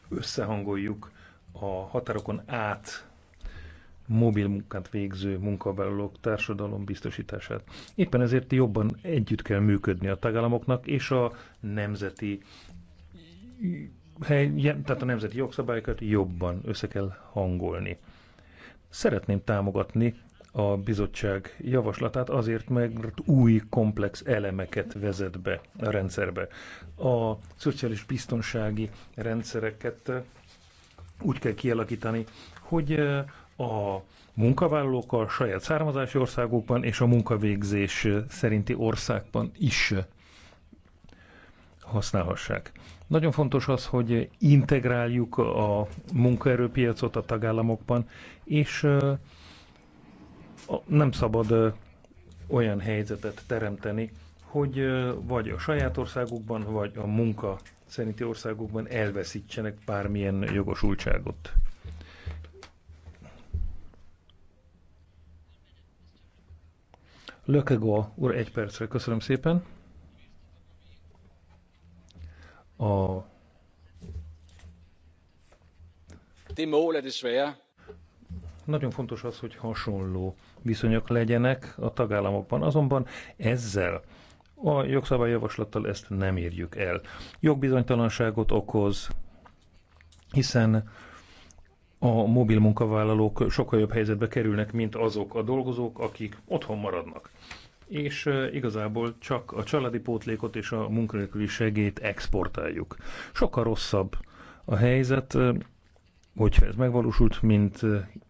összehangoljuk a határokon át mobil munkát végző munkavállalók társadalom biztosítását. Éppen ezért jobban együtt kell működni a tagállamoknak és a nemzeti hely, tehát a nemzeti jogszabályokat jobban össze kell hangolni. Szeretném támogatni a bizottság javaslatát azért, mert új komplex elemeket vezet be a rendszerbe. A szociális biztonsági rendszereket eh, úgy kell kialakítani, hogy eh, a munkavállalók a saját származási országokban és a munkavégzés eh, szerinti országban is használhassák. Nagyon fontos az, hogy integráljuk a munkaerőpiacot a tagállamokban, és nem szabad olyan helyzetet teremteni, hogy vagy a saját országukban, vagy a munka szerinti országokban elveszítsenek bármilyen jogosultságot. Lökegó úr, egy percre. Köszönöm szépen. a er nagyon fontos az, hogy hasonló viszonyok legyenek a tagállamokban, azonban ezzel a jogszabályjavaslattal ezt nem érjük el. Jogbizonytalanságot okoz, hiszen a mobil munkavállalók sokkal jobb helyzetbe kerülnek, mint azok a dolgozók, akik otthon maradnak és igazából csak a családi pótlékot és a munkanélküli segét exportáljuk. Sokkal rosszabb a helyzet, hogyha ez megvalósult, mint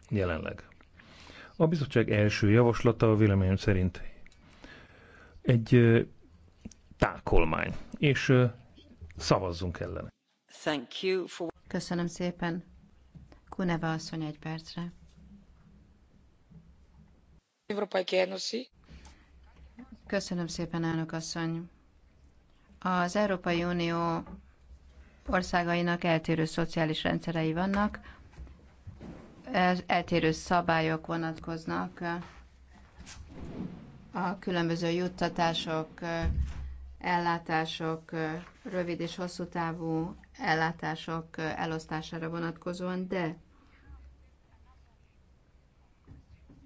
jelenleg. A bizottság első javaslata a véleményem szerint egy tákolmány, és szavazzunk ellene. Thank you for... Köszönöm szépen. Kuneva asszony egy percre. Európai Kérdőség. Köszönöm szépen, elnök asszony. Az Európai Unió országainak eltérő szociális rendszerei vannak, eltérő szabályok vonatkoznak a különböző juttatások, ellátások, rövid és hosszú távú ellátások elosztására vonatkozóan, de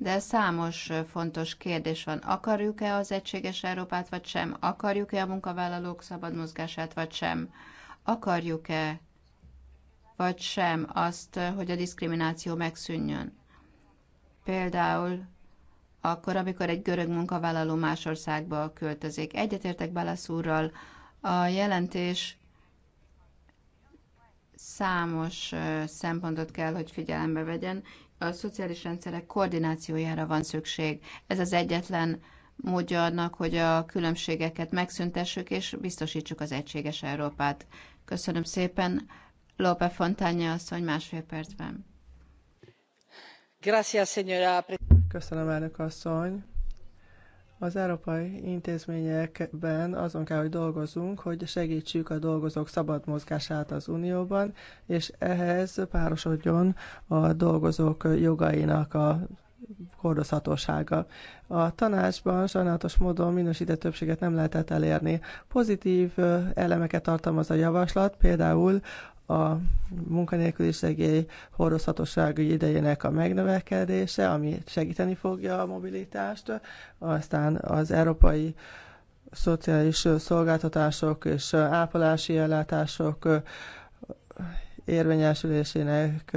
de számos fontos kérdés van. Akarjuk-e az egységes Európát, vagy sem? Akarjuk-e a munkavállalók szabad mozgását, vagy sem? Akarjuk-e, vagy sem azt, hogy a diszkrimináció megszűnjön? Például akkor, amikor egy görög munkavállaló más országba költözik. Egyetértek Balasz a jelentés számos szempontot kell, hogy figyelembe vegyen, a szociális rendszerek koordinációjára van szükség. Ez az egyetlen módja annak, hogy a különbségeket megszüntessük és biztosítsuk az egységes Európát. Köszönöm szépen. Lópe Fontánya asszony másfél percben. Köszönöm, elnök asszony. Az európai intézményekben azon kell, hogy dolgozunk, hogy segítsük a dolgozók szabad mozgását az Unióban, és ehhez párosodjon a dolgozók jogainak a hordozhatósága. A tanácsban sajnálatos módon minősített többséget nem lehetett elérni. Pozitív elemeket tartalmaz a javaslat, például a munkanélküli segély hordozhatóságú idejének a megnövekedése, ami segíteni fogja a mobilitást, aztán az európai szociális szolgáltatások és ápolási ellátások érvényesülésének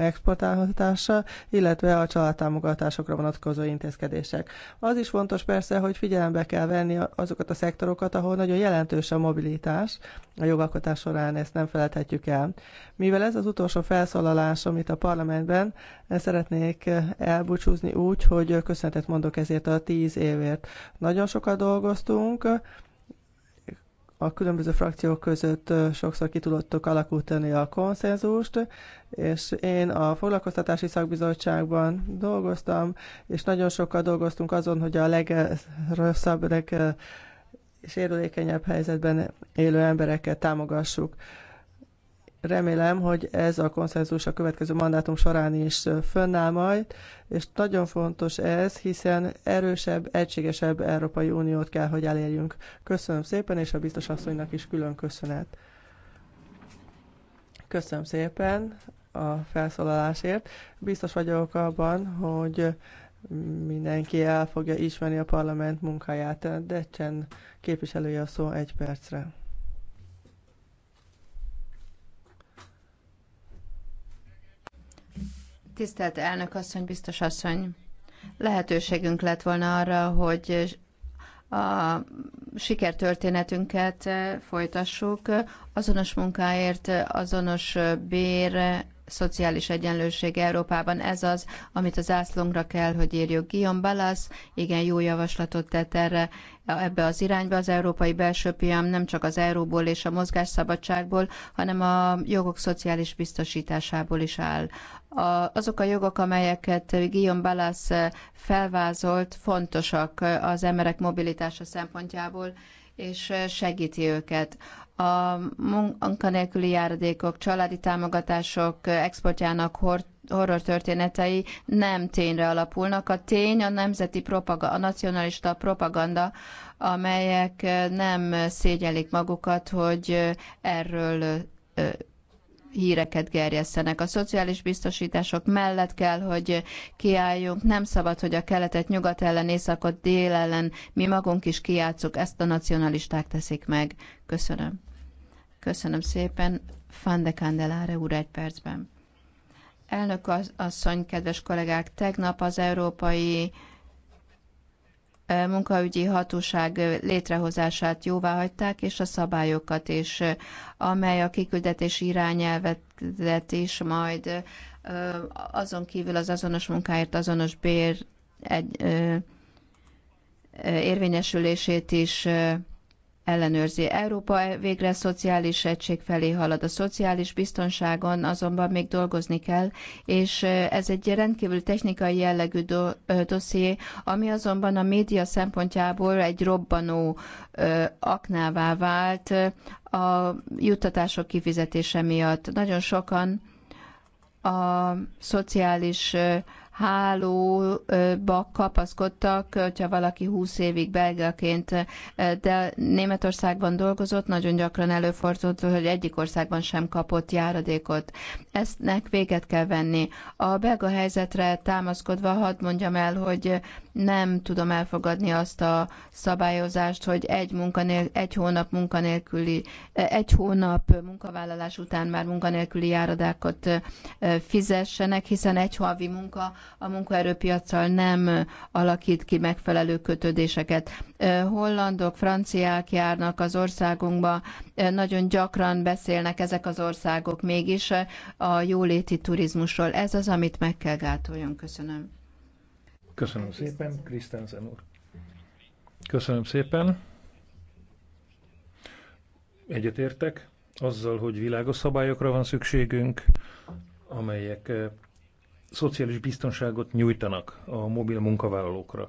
exportálhatása, illetve a családtámogatásokra vonatkozó intézkedések. Az is fontos persze, hogy figyelembe kell venni azokat a szektorokat, ahol nagyon jelentős a mobilitás, a jogalkotás során ezt nem felelhetjük el. Mivel ez az utolsó felszólalásom itt a parlamentben, szeretnék elbúcsúzni úgy, hogy köszönetet mondok ezért a tíz évért. Nagyon sokat dolgoztunk, a különböző frakciók között sokszor ki tudottuk alakítani a konszenzust, és én a foglalkoztatási szakbizottságban dolgoztam, és nagyon sokkal dolgoztunk azon, hogy a legrosszabb, és érülékenyebb helyzetben élő embereket támogassuk. Remélem, hogy ez a konszenzus a következő mandátum során is fönnáll majd, és nagyon fontos ez, hiszen erősebb, egységesebb Európai Uniót kell, hogy elérjünk. Köszönöm szépen, és a biztos asszonynak is külön köszönet. Köszönöm szépen a felszólalásért. Biztos vagyok abban, hogy mindenki el fogja ismerni a parlament munkáját. Decsen képviselője a szó egy percre. Tisztelt elnök asszony, biztos asszony, lehetőségünk lett volna arra, hogy a sikertörténetünket folytassuk. Azonos munkáért, azonos bér, szociális egyenlőség Európában. Ez az, amit az ászlónkra kell, hogy írjuk. Guillaume Balasz igen jó javaslatot tett erre, ebbe az irányba az európai belső piam nem csak az euróból és a mozgásszabadságból, hanem a jogok szociális biztosításából is áll. A, azok a jogok, amelyeket Guillaume Balasz felvázolt, fontosak az emberek mobilitása szempontjából, és eh, segíti őket. A munkanélküli járadékok, családi támogatások eh, exportjának hort horror történetei nem tényre alapulnak. A tény a nemzeti propaganda, a nacionalista propaganda, amelyek eh, nem szégyelik magukat, hogy erről híreket gerjesztenek. A szociális biztosítások mellett kell, hogy kiálljunk. Nem szabad, hogy a keletet nyugat ellen, északot dél ellen mi magunk is kiátszuk. Ezt a nacionalisták teszik meg. Köszönöm. Köszönöm szépen. fande de Candelare úr egy percben. Elnök asszony, kedves kollégák, tegnap az európai munkaügyi hatóság létrehozását jóvá hagyták, és a szabályokat is, amely a kiküldetési irányelvet is majd azon kívül az azonos munkáért azonos bér egy, ö, érvényesülését is ellenőrzi. Európa végre szociális egység felé halad. A szociális biztonságon azonban még dolgozni kell, és ez egy rendkívül technikai jellegű do- dosszié, ami azonban a média szempontjából egy robbanó ö, aknává vált a juttatások kifizetése miatt. Nagyon sokan a szociális hálóba kapaszkodtak, hogyha valaki 20 évig belgaként, de Németországban dolgozott, nagyon gyakran előfordult, hogy egyik országban sem kapott járadékot. Eztnek véget kell venni. A belga helyzetre támaszkodva hadd mondjam el, hogy nem tudom elfogadni azt a szabályozást, hogy egy, munkanél, egy hónap munkanélküli, egy hónap munkavállalás után már munkanélküli járadákot fizessenek, hiszen egy havi munka a munkaerőpiacsal nem alakít ki megfelelő kötődéseket. Hollandok, franciák járnak az országunkba, nagyon gyakran beszélnek ezek az országok mégis a jóléti turizmusról. Ez az, amit meg kell gátoljon. Köszönöm. Köszönöm szépen, Krisztenzen úr. Köszönöm szépen. Egyetértek azzal, hogy világos szabályokra van szükségünk, amelyek szociális biztonságot nyújtanak a mobil munkavállalókra.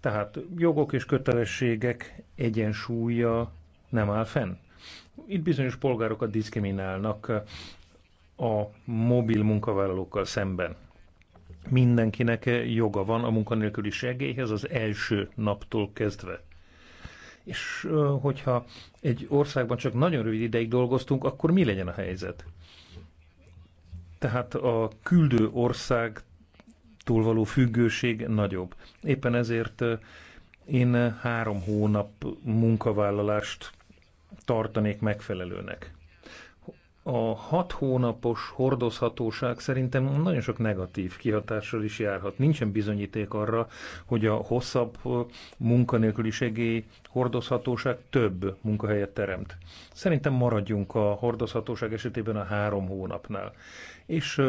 Tehát jogok és kötelességek egyensúlya nem áll fenn. Itt bizonyos polgárokat diszkriminálnak a mobil munkavállalókkal szemben. Mindenkinek joga van a munkanélküli segélyhez az első naptól kezdve. És hogyha egy országban csak nagyon rövid ideig dolgoztunk, akkor mi legyen a helyzet? tehát a küldő országtól való függőség nagyobb. Éppen ezért én három hónap munkavállalást tartanék megfelelőnek a hat hónapos hordozhatóság szerintem nagyon sok negatív kihatással is járhat. Nincsen bizonyíték arra, hogy a hosszabb munkanélküli hordozhatóság több munkahelyet teremt. Szerintem maradjunk a hordozhatóság esetében a három hónapnál. És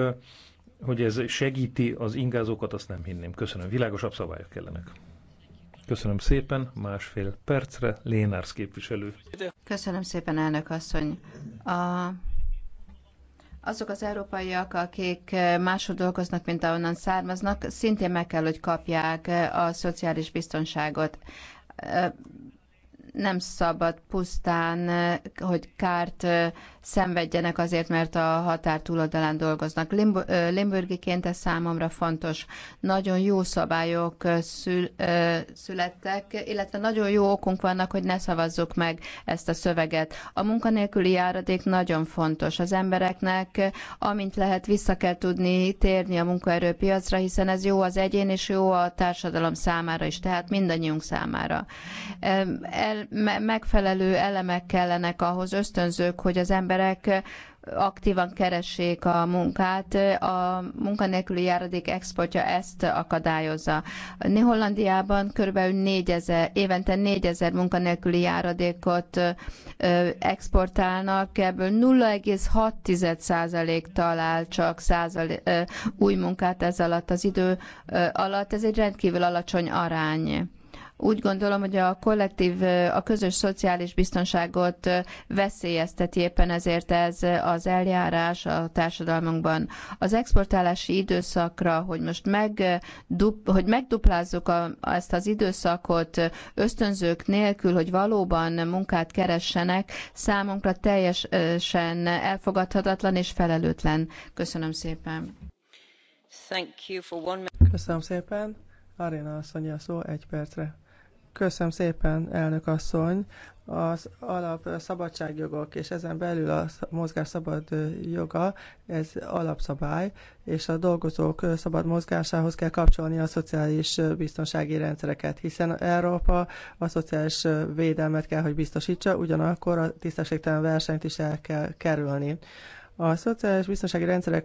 hogy ez segíti az ingázókat, azt nem hinném. Köszönöm. Világosabb szabályok kellenek. Köszönöm szépen, másfél percre Lénársz képviselő. Köszönöm szépen, elnök asszony. A azok az európaiak, akik máshol dolgoznak, mint ahonnan származnak, szintén meg kell, hogy kapják a szociális biztonságot nem szabad pusztán, hogy kárt szenvedjenek azért, mert a határ túloldalán dolgoznak. Limburgiként ez számomra fontos. Nagyon jó szabályok szül, születtek, illetve nagyon jó okunk vannak, hogy ne szavazzuk meg ezt a szöveget. A munkanélküli járadék nagyon fontos. Az embereknek, amint lehet, vissza kell tudni térni a munkaerőpiacra, hiszen ez jó az egyén és jó a társadalom számára is, tehát mindannyiunk számára. El, megfelelő elemek kellenek ahhoz, ösztönzők, hogy az emberek aktívan keressék a munkát. A munkanélküli járadék exportja ezt akadályozza. Hollandiában körülbelül 4000, évente 4000 munkanélküli járadékot exportálnak, ebből 0,6% talál csak százal, új munkát ez alatt az idő alatt. Ez egy rendkívül alacsony arány úgy gondolom, hogy a kollektív, a közös szociális biztonságot veszélyezteti éppen ezért ez az eljárás a társadalmunkban. Az exportálási időszakra, hogy most meg, hogy megduplázzuk a, ezt az időszakot ösztönzők nélkül, hogy valóban munkát keressenek, számunkra teljesen elfogadhatatlan és felelőtlen. Köszönöm szépen. Thank you for one... Köszönöm szépen. Arena asszony szó egy percre. Köszönöm szépen, elnök asszony. Az alap szabadságjogok, és ezen belül a mozgás szabad joga, ez alapszabály, és a dolgozók szabad mozgásához kell kapcsolni a szociális biztonsági rendszereket, hiszen Európa a szociális védelmet kell, hogy biztosítsa, ugyanakkor a tisztességtelen versenyt is el kell kerülni a szociális biztonsági rendszerek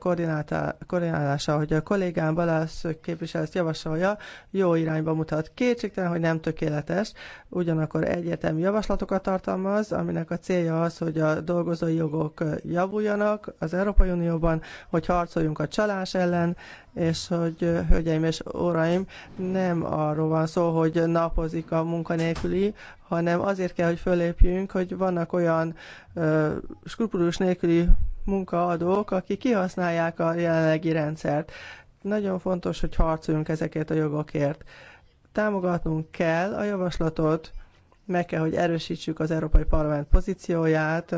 koordinálása, hogy a kollégám Balázs képviselő ezt javasolja, jó irányba mutat. Kétségtelen, hogy nem tökéletes, ugyanakkor egyértelmű javaslatokat tartalmaz, aminek a célja az, hogy a dolgozói jogok javuljanak az Európai Unióban, hogy harcoljunk a csalás ellen, és hogy hölgyeim és óraim, nem arról van szó, hogy napozik a munkanélküli, hanem azért kell, hogy fölépjünk, hogy vannak olyan ö, skrupulus nélküli munkaadók, akik kihasználják a jelenlegi rendszert. Nagyon fontos, hogy harcoljunk ezekért a jogokért. Támogatnunk kell a javaslatot, meg kell, hogy erősítsük az Európai Parlament pozícióját.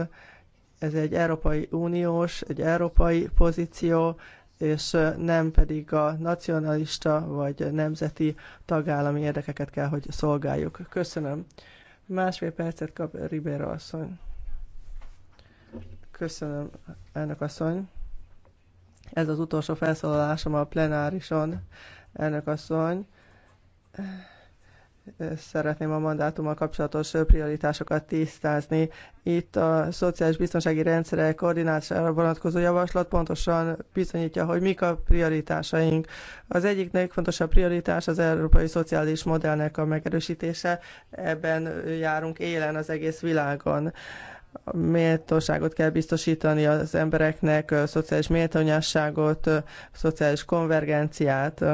Ez egy Európai Uniós, egy európai pozíció, és nem pedig a nacionalista vagy nemzeti tagállami érdekeket kell, hogy szolgáljuk. Köszönöm. Másfél percet kap Ribera asszony. Köszönöm, elnök asszony. Ez az utolsó felszólalásom a plenárison, elnök asszony. Szeretném a mandátummal kapcsolatos prioritásokat tisztázni. Itt a szociális biztonsági rendszerek koordinációra vonatkozó javaslat pontosan bizonyítja, hogy mik a prioritásaink. Az egyik legfontosabb prioritás az európai szociális modellnek a megerősítése. Ebben járunk élen az egész világon méltóságot kell biztosítani az embereknek, szociális méltányosságot, szociális konvergenciát.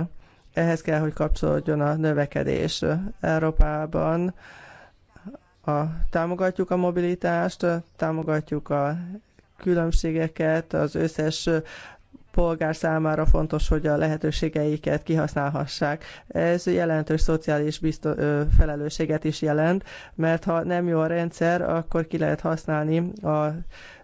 Ehhez kell, hogy kapcsolódjon a növekedés Európában. A, támogatjuk a mobilitást, támogatjuk a különbségeket, az összes polgár számára fontos, hogy a lehetőségeiket kihasználhassák. Ez jelentős szociális biztos, felelősséget is jelent, mert ha nem jó a rendszer, akkor ki lehet használni a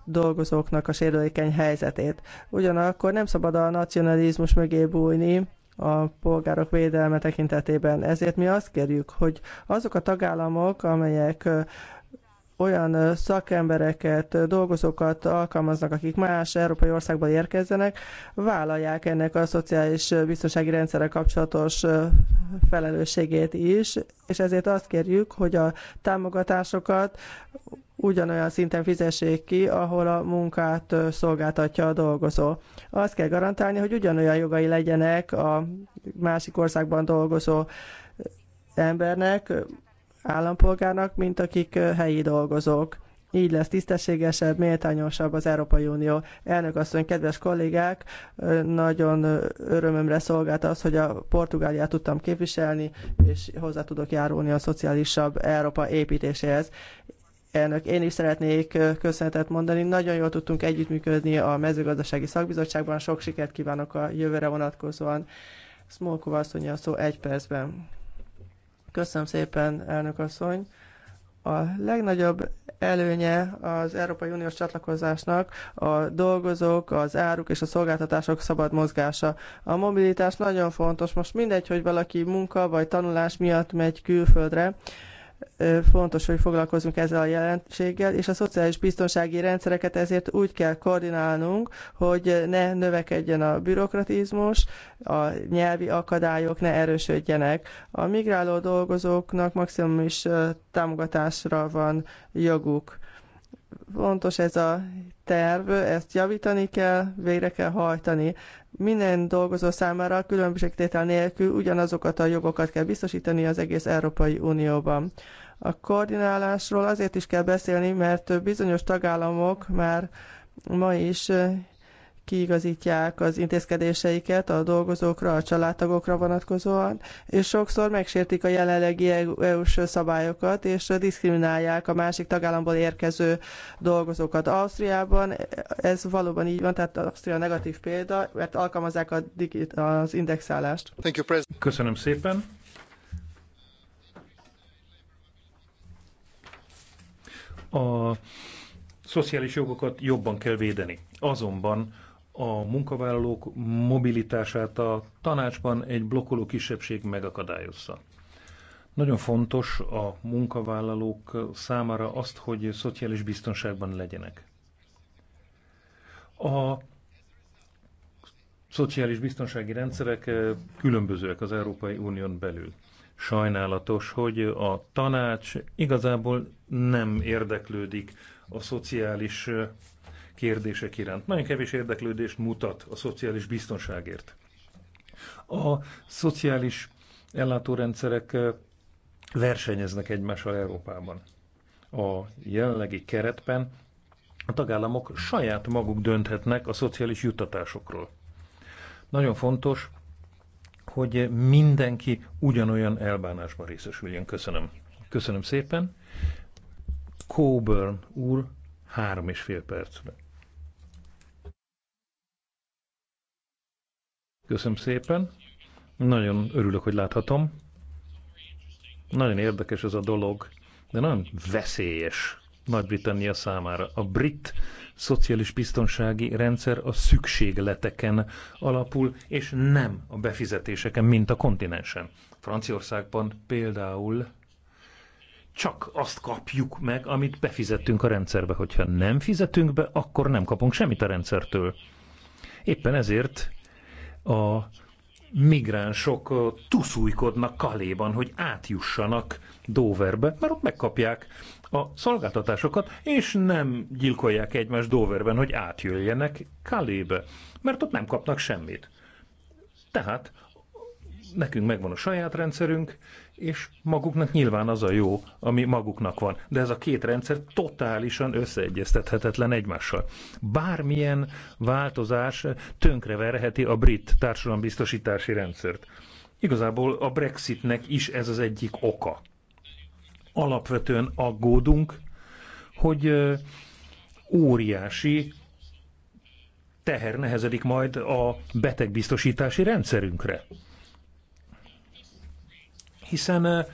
dolgozóknak a sérülékeny helyzetét. Ugyanakkor nem szabad a nacionalizmus mögé bújni, a polgárok védelme tekintetében. Ezért mi azt kérjük, hogy azok a tagállamok, amelyek olyan szakembereket, dolgozókat alkalmaznak, akik más európai országból érkezzenek, vállalják ennek a szociális biztonsági rendszerrel kapcsolatos felelősségét is, és ezért azt kérjük, hogy a támogatásokat ugyanolyan szinten fizessék ki, ahol a munkát szolgáltatja a dolgozó. Azt kell garantálni, hogy ugyanolyan jogai legyenek a másik országban dolgozó embernek, állampolgárnak, mint akik helyi dolgozók. Így lesz tisztességesebb, méltányosabb az Európai Unió. Elnök asszony, kedves kollégák, nagyon örömömre szolgált az, hogy a Portugáliát tudtam képviselni, és hozzá tudok járulni a szociálisabb Európa építéséhez. Elnök, én is szeretnék köszönetet mondani. Nagyon jól tudtunk együttműködni a mezőgazdasági szakbizottságban. Sok sikert kívánok a jövőre vonatkozóan. Smolkova asszony a szó egy percben. Köszönöm szépen, elnök asszony. A legnagyobb előnye az Európai Uniós csatlakozásnak a dolgozók, az áruk és a szolgáltatások szabad mozgása. A mobilitás nagyon fontos. Most mindegy, hogy valaki munka vagy tanulás miatt megy külföldre, fontos, hogy foglalkozunk ezzel a jelenséggel, és a szociális biztonsági rendszereket ezért úgy kell koordinálnunk, hogy ne növekedjen a bürokratizmus, a nyelvi akadályok ne erősödjenek. A migráló dolgozóknak maximális támogatásra van joguk fontos ez a terv, ezt javítani kell, végre kell hajtani. Minden dolgozó számára különbségtétel nélkül ugyanazokat a jogokat kell biztosítani az egész Európai Unióban. A koordinálásról azért is kell beszélni, mert bizonyos tagállamok már ma is kiigazítják az intézkedéseiket a dolgozókra, a családtagokra vonatkozóan, és sokszor megsértik a jelenlegi EU-s e szabályokat, és diszkriminálják a másik tagállamból érkező dolgozókat. Ausztriában ez valóban így van, tehát Ausztria negatív példa, mert alkalmazzák a digit, az indexálást. Köszönöm szépen. A szociális jogokat jobban kell védeni. Azonban a munkavállalók mobilitását a tanácsban egy blokkoló kisebbség megakadályozza. Nagyon fontos a munkavállalók számára azt, hogy szociális biztonságban legyenek. A szociális biztonsági rendszerek eh, különbözőek az Európai Unión belül. Sajnálatos, hogy a tanács igazából nem érdeklődik a szociális eh, kérdések iránt. Nagyon kevés érdeklődést mutat a szociális biztonságért. A szociális ellátórendszerek eh, versenyeznek egymással Európában. A jelenlegi keretben a tagállamok saját maguk dönthetnek a szociális juttatásokról. Nagyon fontos, hogy mindenki ugyanolyan elbánásban részesüljön. Köszönöm. Köszönöm szépen. Coburn úr, három és fél percben. Köszönöm szépen. Nagyon örülök, hogy láthatom. Nagyon érdekes ez a dolog, de nagyon veszélyes Nagy-Britannia számára. A brit szociális biztonsági rendszer a szükségleteken alapul, és nem a befizetéseken, mint a kontinensen. Franciaországban például csak azt kapjuk meg, amit befizettünk a rendszerbe. Hogyha nem fizetünk be, akkor nem kapunk semmit a rendszertől. Éppen ezért a migránsok tuszújkodnak Kaléban, hogy átjussanak Doverbe, mert ott megkapják a szolgáltatásokat, és nem gyilkolják egymást Doverben, hogy átjöjjenek Kalébe, mert ott nem kapnak semmit. Tehát nekünk megvan a saját rendszerünk, és maguknak nyilván az a jó, ami maguknak van. De ez a két rendszer totálisan összeegyeztethetetlen egymással. Bármilyen változás tönkreverheti a brit társadalombiztosítási rendszert. Igazából a Brexitnek is ez az egyik oka. Alapvetően aggódunk, hogy óriási teher nehezedik majd a betegbiztosítási rendszerünkre hiszen